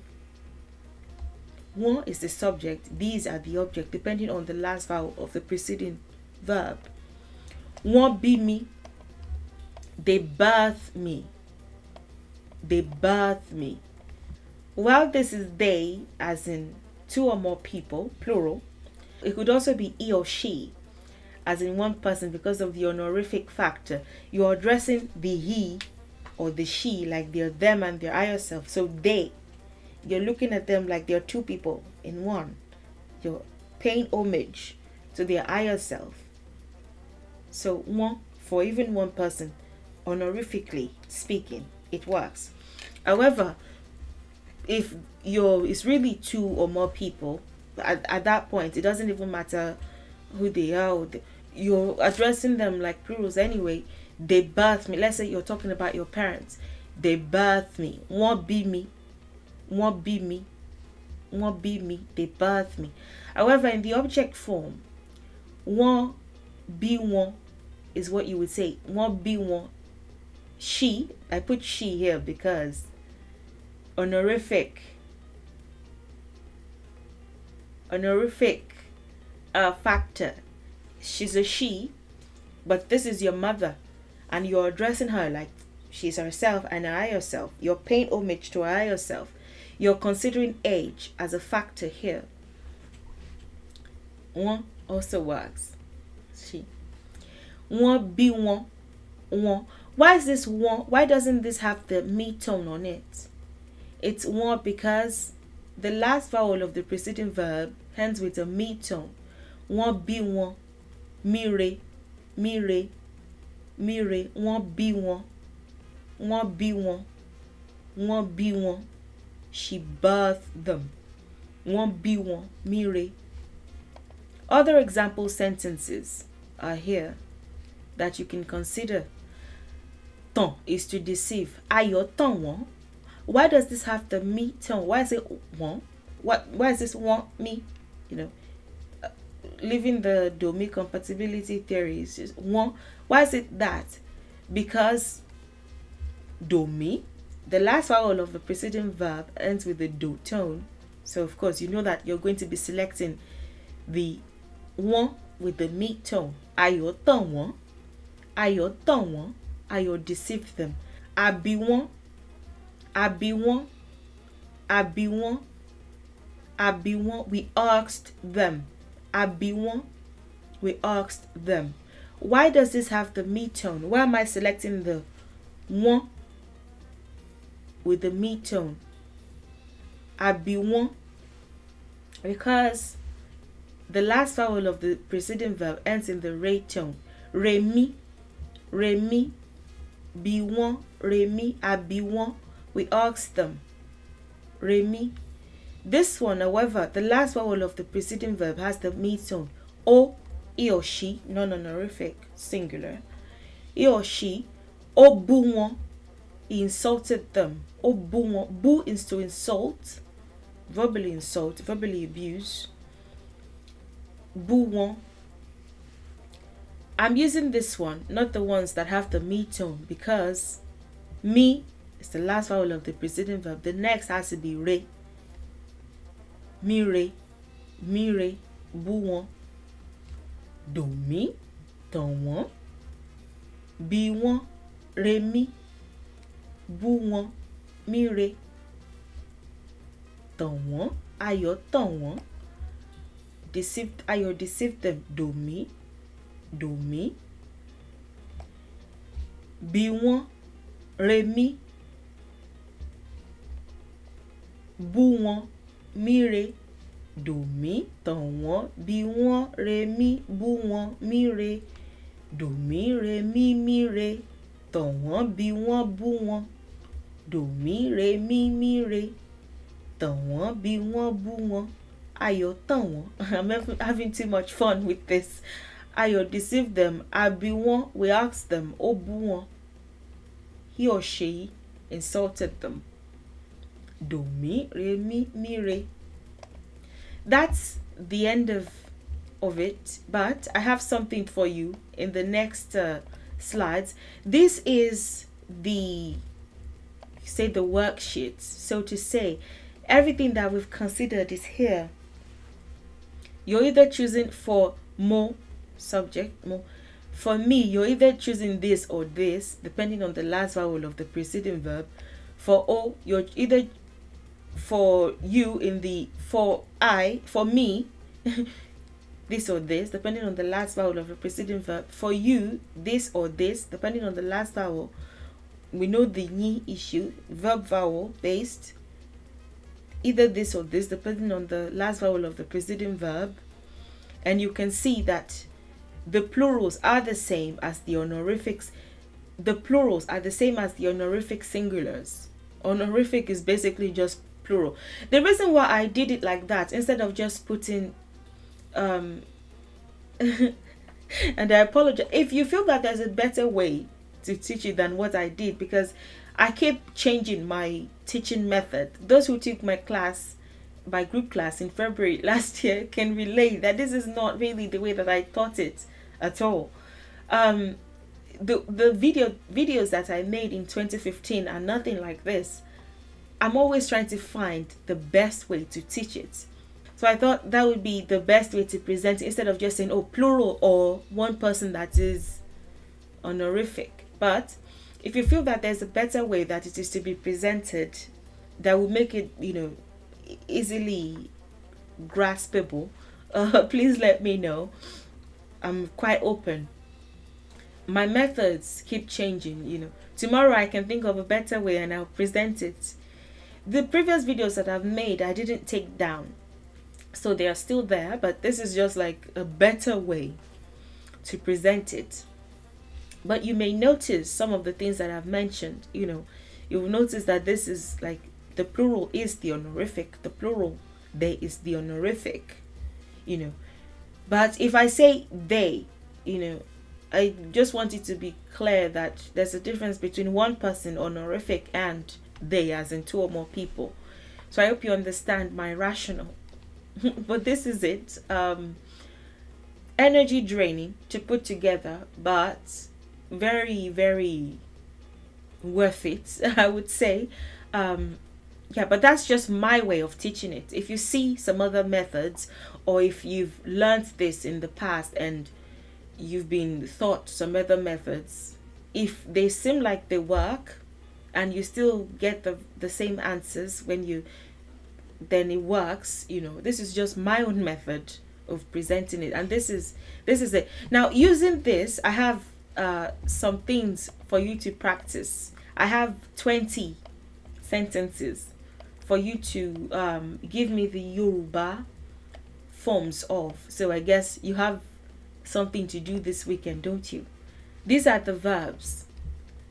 One is the subject, these are the object, depending on the last vowel of the preceding verb. One be me, they birth me. They birth me. Well, this is they, as in two or more people, plural. It could also be he or she, as in one person, because of the honorific factor. You're addressing the he or the she, like they're them and their higher self. So they you're looking at them like they're two people in one. You're paying homage to their higher self. So one for even one person, honorifically speaking, it works. However, if you're it's really two or more people, at, at that point it doesn't even matter who they are. you're addressing them like plurals anyway. They birth me. Let's say you're talking about your parents. They birth me. One be me be me won't be me. they birth me however in the object form wọ́n be wọn is what you would say wọ́n be wọn she I put she here because honorific honorific uh, factor she's a she but this is your mother and you're addressing her like she's herself and I herself. You're paying homage to I herself. You're considering age as a factor here. One also works. She. One be one. One. Why is this one? Why doesn't this have the me tone on it? It's one because the last vowel of the preceding verb ends with a me tone. One be one. Mire. Mire. Mire. One be one. One be one. One be one she birthed them. One be one, mire. Other example sentences are here that you can consider. Ton is to deceive. Ayo ton won. Why does this have the me ton? Why is it one? What? Why is this one me? You know, uh, leaving the domi compatibility theory is just one. Why is it that? Because domi the last vowel of the preceding verb ends with the do tone. So, of course, you know that you're going to be selecting the one with the mid tone. Ayo ton one. Ayo ton one. Ayo deceive them. Abi one. Abi one. Abi one. Abi one. We asked them. Abi one. We asked them. Why does this have the mid tone? Why am I selecting the one with the mid tone àbí because the last vowel of the preceding verb ends in the re tone remi remi bí remi àbí we ask them remi this one however the last vowel of the preceding verb has the mid tone o he or she non honorific singular he or she ó bú he insulted them or boo is to insult, verbally insult, verbally abuse. Boo I'm using this one, not the ones that have the me tone, because me is the last vowel of the preceding verb. The next has to be re. Mi re, mi re, boo wọn. Dò mí, tàn wọ́n. Bí wọ́n, re me, boo wọn. míre tàn wọ́n ayọ̀ tàn wọ́n deceive ayọ̀ deceive them domi, mí dò mí bí wọ́n re mí bú wọn míre domi, mí tàn wọ́n bí wọ́n re bú wọn míre dò mí míre tàn wọ́n bí wọ́n bú wọn. dò mí re mí mí re tàn wọ́n bí wọ́n bú wọn ayọ̀ tàn wọ́n [laughs] i'm having too much fun with this ayọ̀ deceive them àbí wọ́n we ask them ó bú wọn he or she insulted them dò mí re mí mí re that's the end of of it, but I have something for you in the next uh, slides. This is the say the worksheets. So to say, everything that we've considered is here. You're either choosing for more subject, more. For me, you're either choosing this or this, depending on the last vowel of the preceding verb. For all, you're either for you in the for I, for me, [laughs] this or this, depending on the last vowel of the preceding verb. For you, this or this, depending on the last vowel we know the ni issue, verb vowel based, either this or this, depending on the last vowel of the preceding verb. And you can see that the plurals are the same as the honorifics. The plurals are the same as the honorific singulars. Honorific is basically just plural. The reason why I did it like that, instead of just putting, um, [laughs] and I apologize, if you feel that there's a better way to teach it than what I did because I kept changing my teaching method. Those who took my class, my group class in February [laughs] last year, can relate that this is not really the way that I taught it at all. Um, the the video videos that I made in 2015 are nothing like this. I'm always trying to find the best way to teach it. So I thought that would be the best way to present it instead of just saying, oh, plural or one person that is honorific. But if you feel that there's a better way that it is to be presented that will make it, you know, easily graspable, [laughs] uh, please let me know. I'm quite open. My methods keep changing, you know. Tomorrow I can think of a better way and I'll present it. The previous videos that I've made, I didn't take down. So they are still there, but this is just like a better way to present it. But you may notice some of the things that I've mentioned, you know, you'll notice that this is like the plural is the honorific, the plural they is the honorific, you know. But if I say they, you know, I just want it to be clear that there's a difference between one person honorific and they, as in two or more people. So I hope you understand my rationale. [laughs] but this is it. Um, energy draining to put together, but very very worth it [laughs] i would say um yeah but that's just my way of teaching it if you see some other methods or if you've learned this in the past and you've been taught some other methods if they seem like they work and you still get the the same answers when you then it works you know this is just my own method of presenting it and this is this is it now using this i have uh, some things for you to practice. I have 20 sentences for you to um, give me the Yoruba forms of. So I guess you have something to do this weekend, don't you? These are the verbs.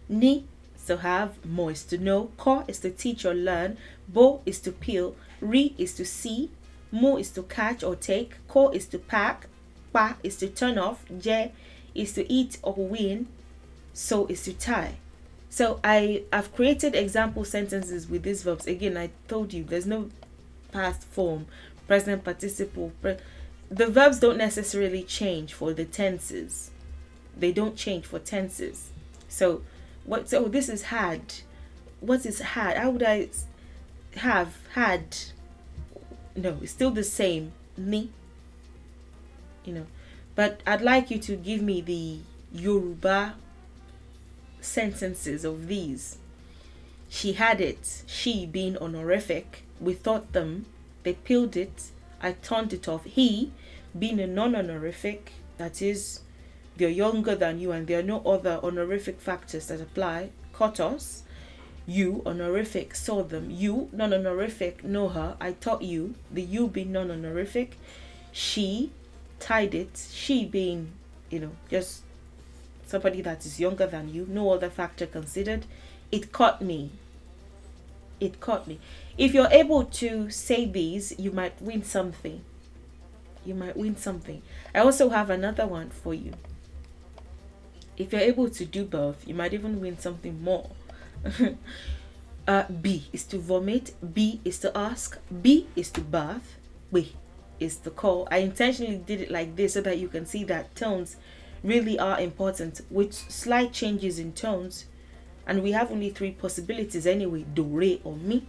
Ni is to have, mo is to know, ko is to teach or learn, bo is to peel, ri is to see, mo is to catch or take, ko is to pack, pa is to turn off, je is to eat or win, so is to tie. So I have created example sentences with these verbs. Again, I told you there's no past form, present participle. Pre the verbs don't necessarily change for the tenses. They don't change for tenses. So what so this is had. What is had? How would I have had? No, it's still the same. Me. You know. But I'd like you to give me the Yoruba sentences of these. She had it, she being honorific. We thought them, they peeled it, I turned it off. He being a non honorific, that is, they're younger than you and there are no other honorific factors that apply, caught us. You, honorific, saw them. You, non honorific, know her. I taught you. The you being non honorific. She, tied it, she being, you know, just somebody that is younger than you, no other factor considered, it caught me. It caught me. If you're able to say these, you might win something. You might win something. I also have another one for you. If you're able to do both, you might even win something more. [laughs] uh, B is to vomit. B is to ask. B is to bath. Wait is the call. I intentionally did it like this so that you can see that tones really are important with slight changes in tones and we have only three possibilities anyway do re or mi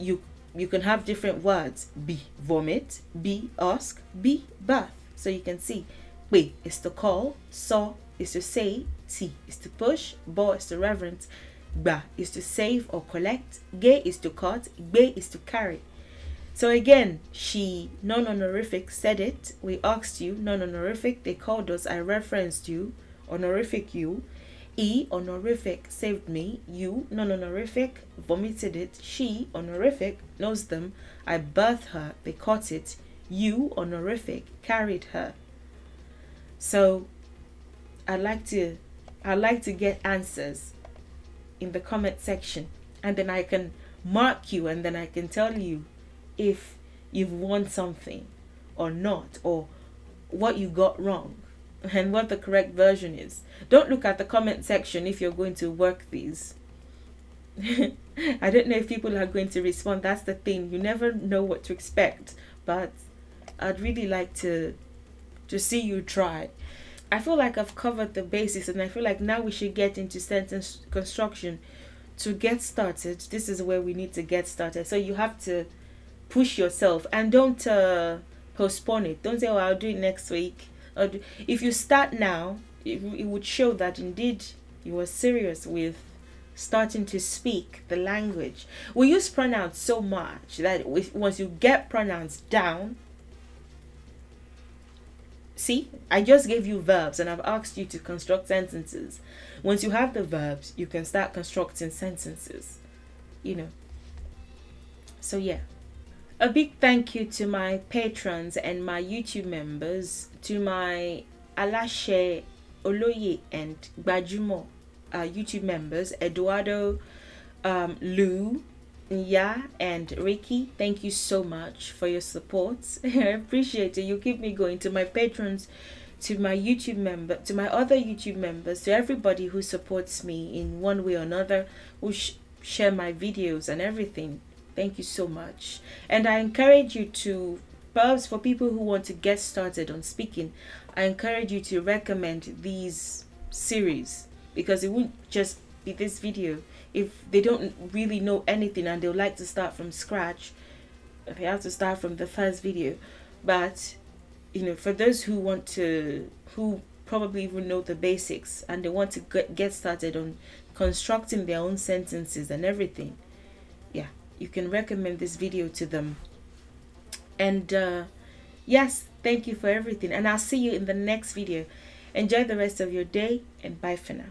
you you can have different words be vomit be ask be bath so you can see we is to call so is to say t is to push bo is to reverence ba is to save or collect ge is to cut be is to carry so again, she, non honorific, said it. We asked you, non honorific. They called us. I referenced you, honorific you. E, honorific, saved me. You, non honorific, vomited it. She, honorific, knows them. I birthed her. They caught it. You, honorific, carried her. So I'd like to I'd like to get answers in the comment section and then I can mark you and then I can tell you if you've won something or not or what you got wrong and what the correct version is. Don't look at the comment section if you're going to work these. [laughs] I don't know if people are going to respond. That's the thing. You never know what to expect, but I'd really like to to see you try. I feel like I've covered the basics and I feel like now we should get into sentence construction. To get started, this is where we need to get started. So you have to push yourself and don't uh, postpone it. Don't say, "Well, oh, I'll do it next week." Or if you start now, it, it would show that indeed you are serious with starting to speak the language. We use pronouns so much that once you get pronouns down, see, I just gave you verbs and I've asked you to construct sentences. Once you have the verbs, you can start constructing sentences, you know. So, yeah. A big thank you to my patrons and my YouTube members, to my Alashe Oloye and Gbajumo uh, YouTube members, Eduardo, um, Lou, Nya, and Ricky. Thank you so much for your support. [laughs] I appreciate it. You keep me going. To my patrons, to my YouTube member, to my other YouTube members, to everybody who supports me in one way or another, who share my videos and everything. Thank you so much. And I encourage you to, perhaps for people who want to get started on speaking, I encourage you to recommend these series because it won't just be this video. If they don't really know anything and they'll like to start from scratch, they have to start from the first video. But, you know, for those who want to, who probably even know the basics and they want to get started on constructing their own sentences and everything you can recommend this video to them and uh, yes thank you for everything and i'll see you in the next video enjoy the rest of your day and bye for now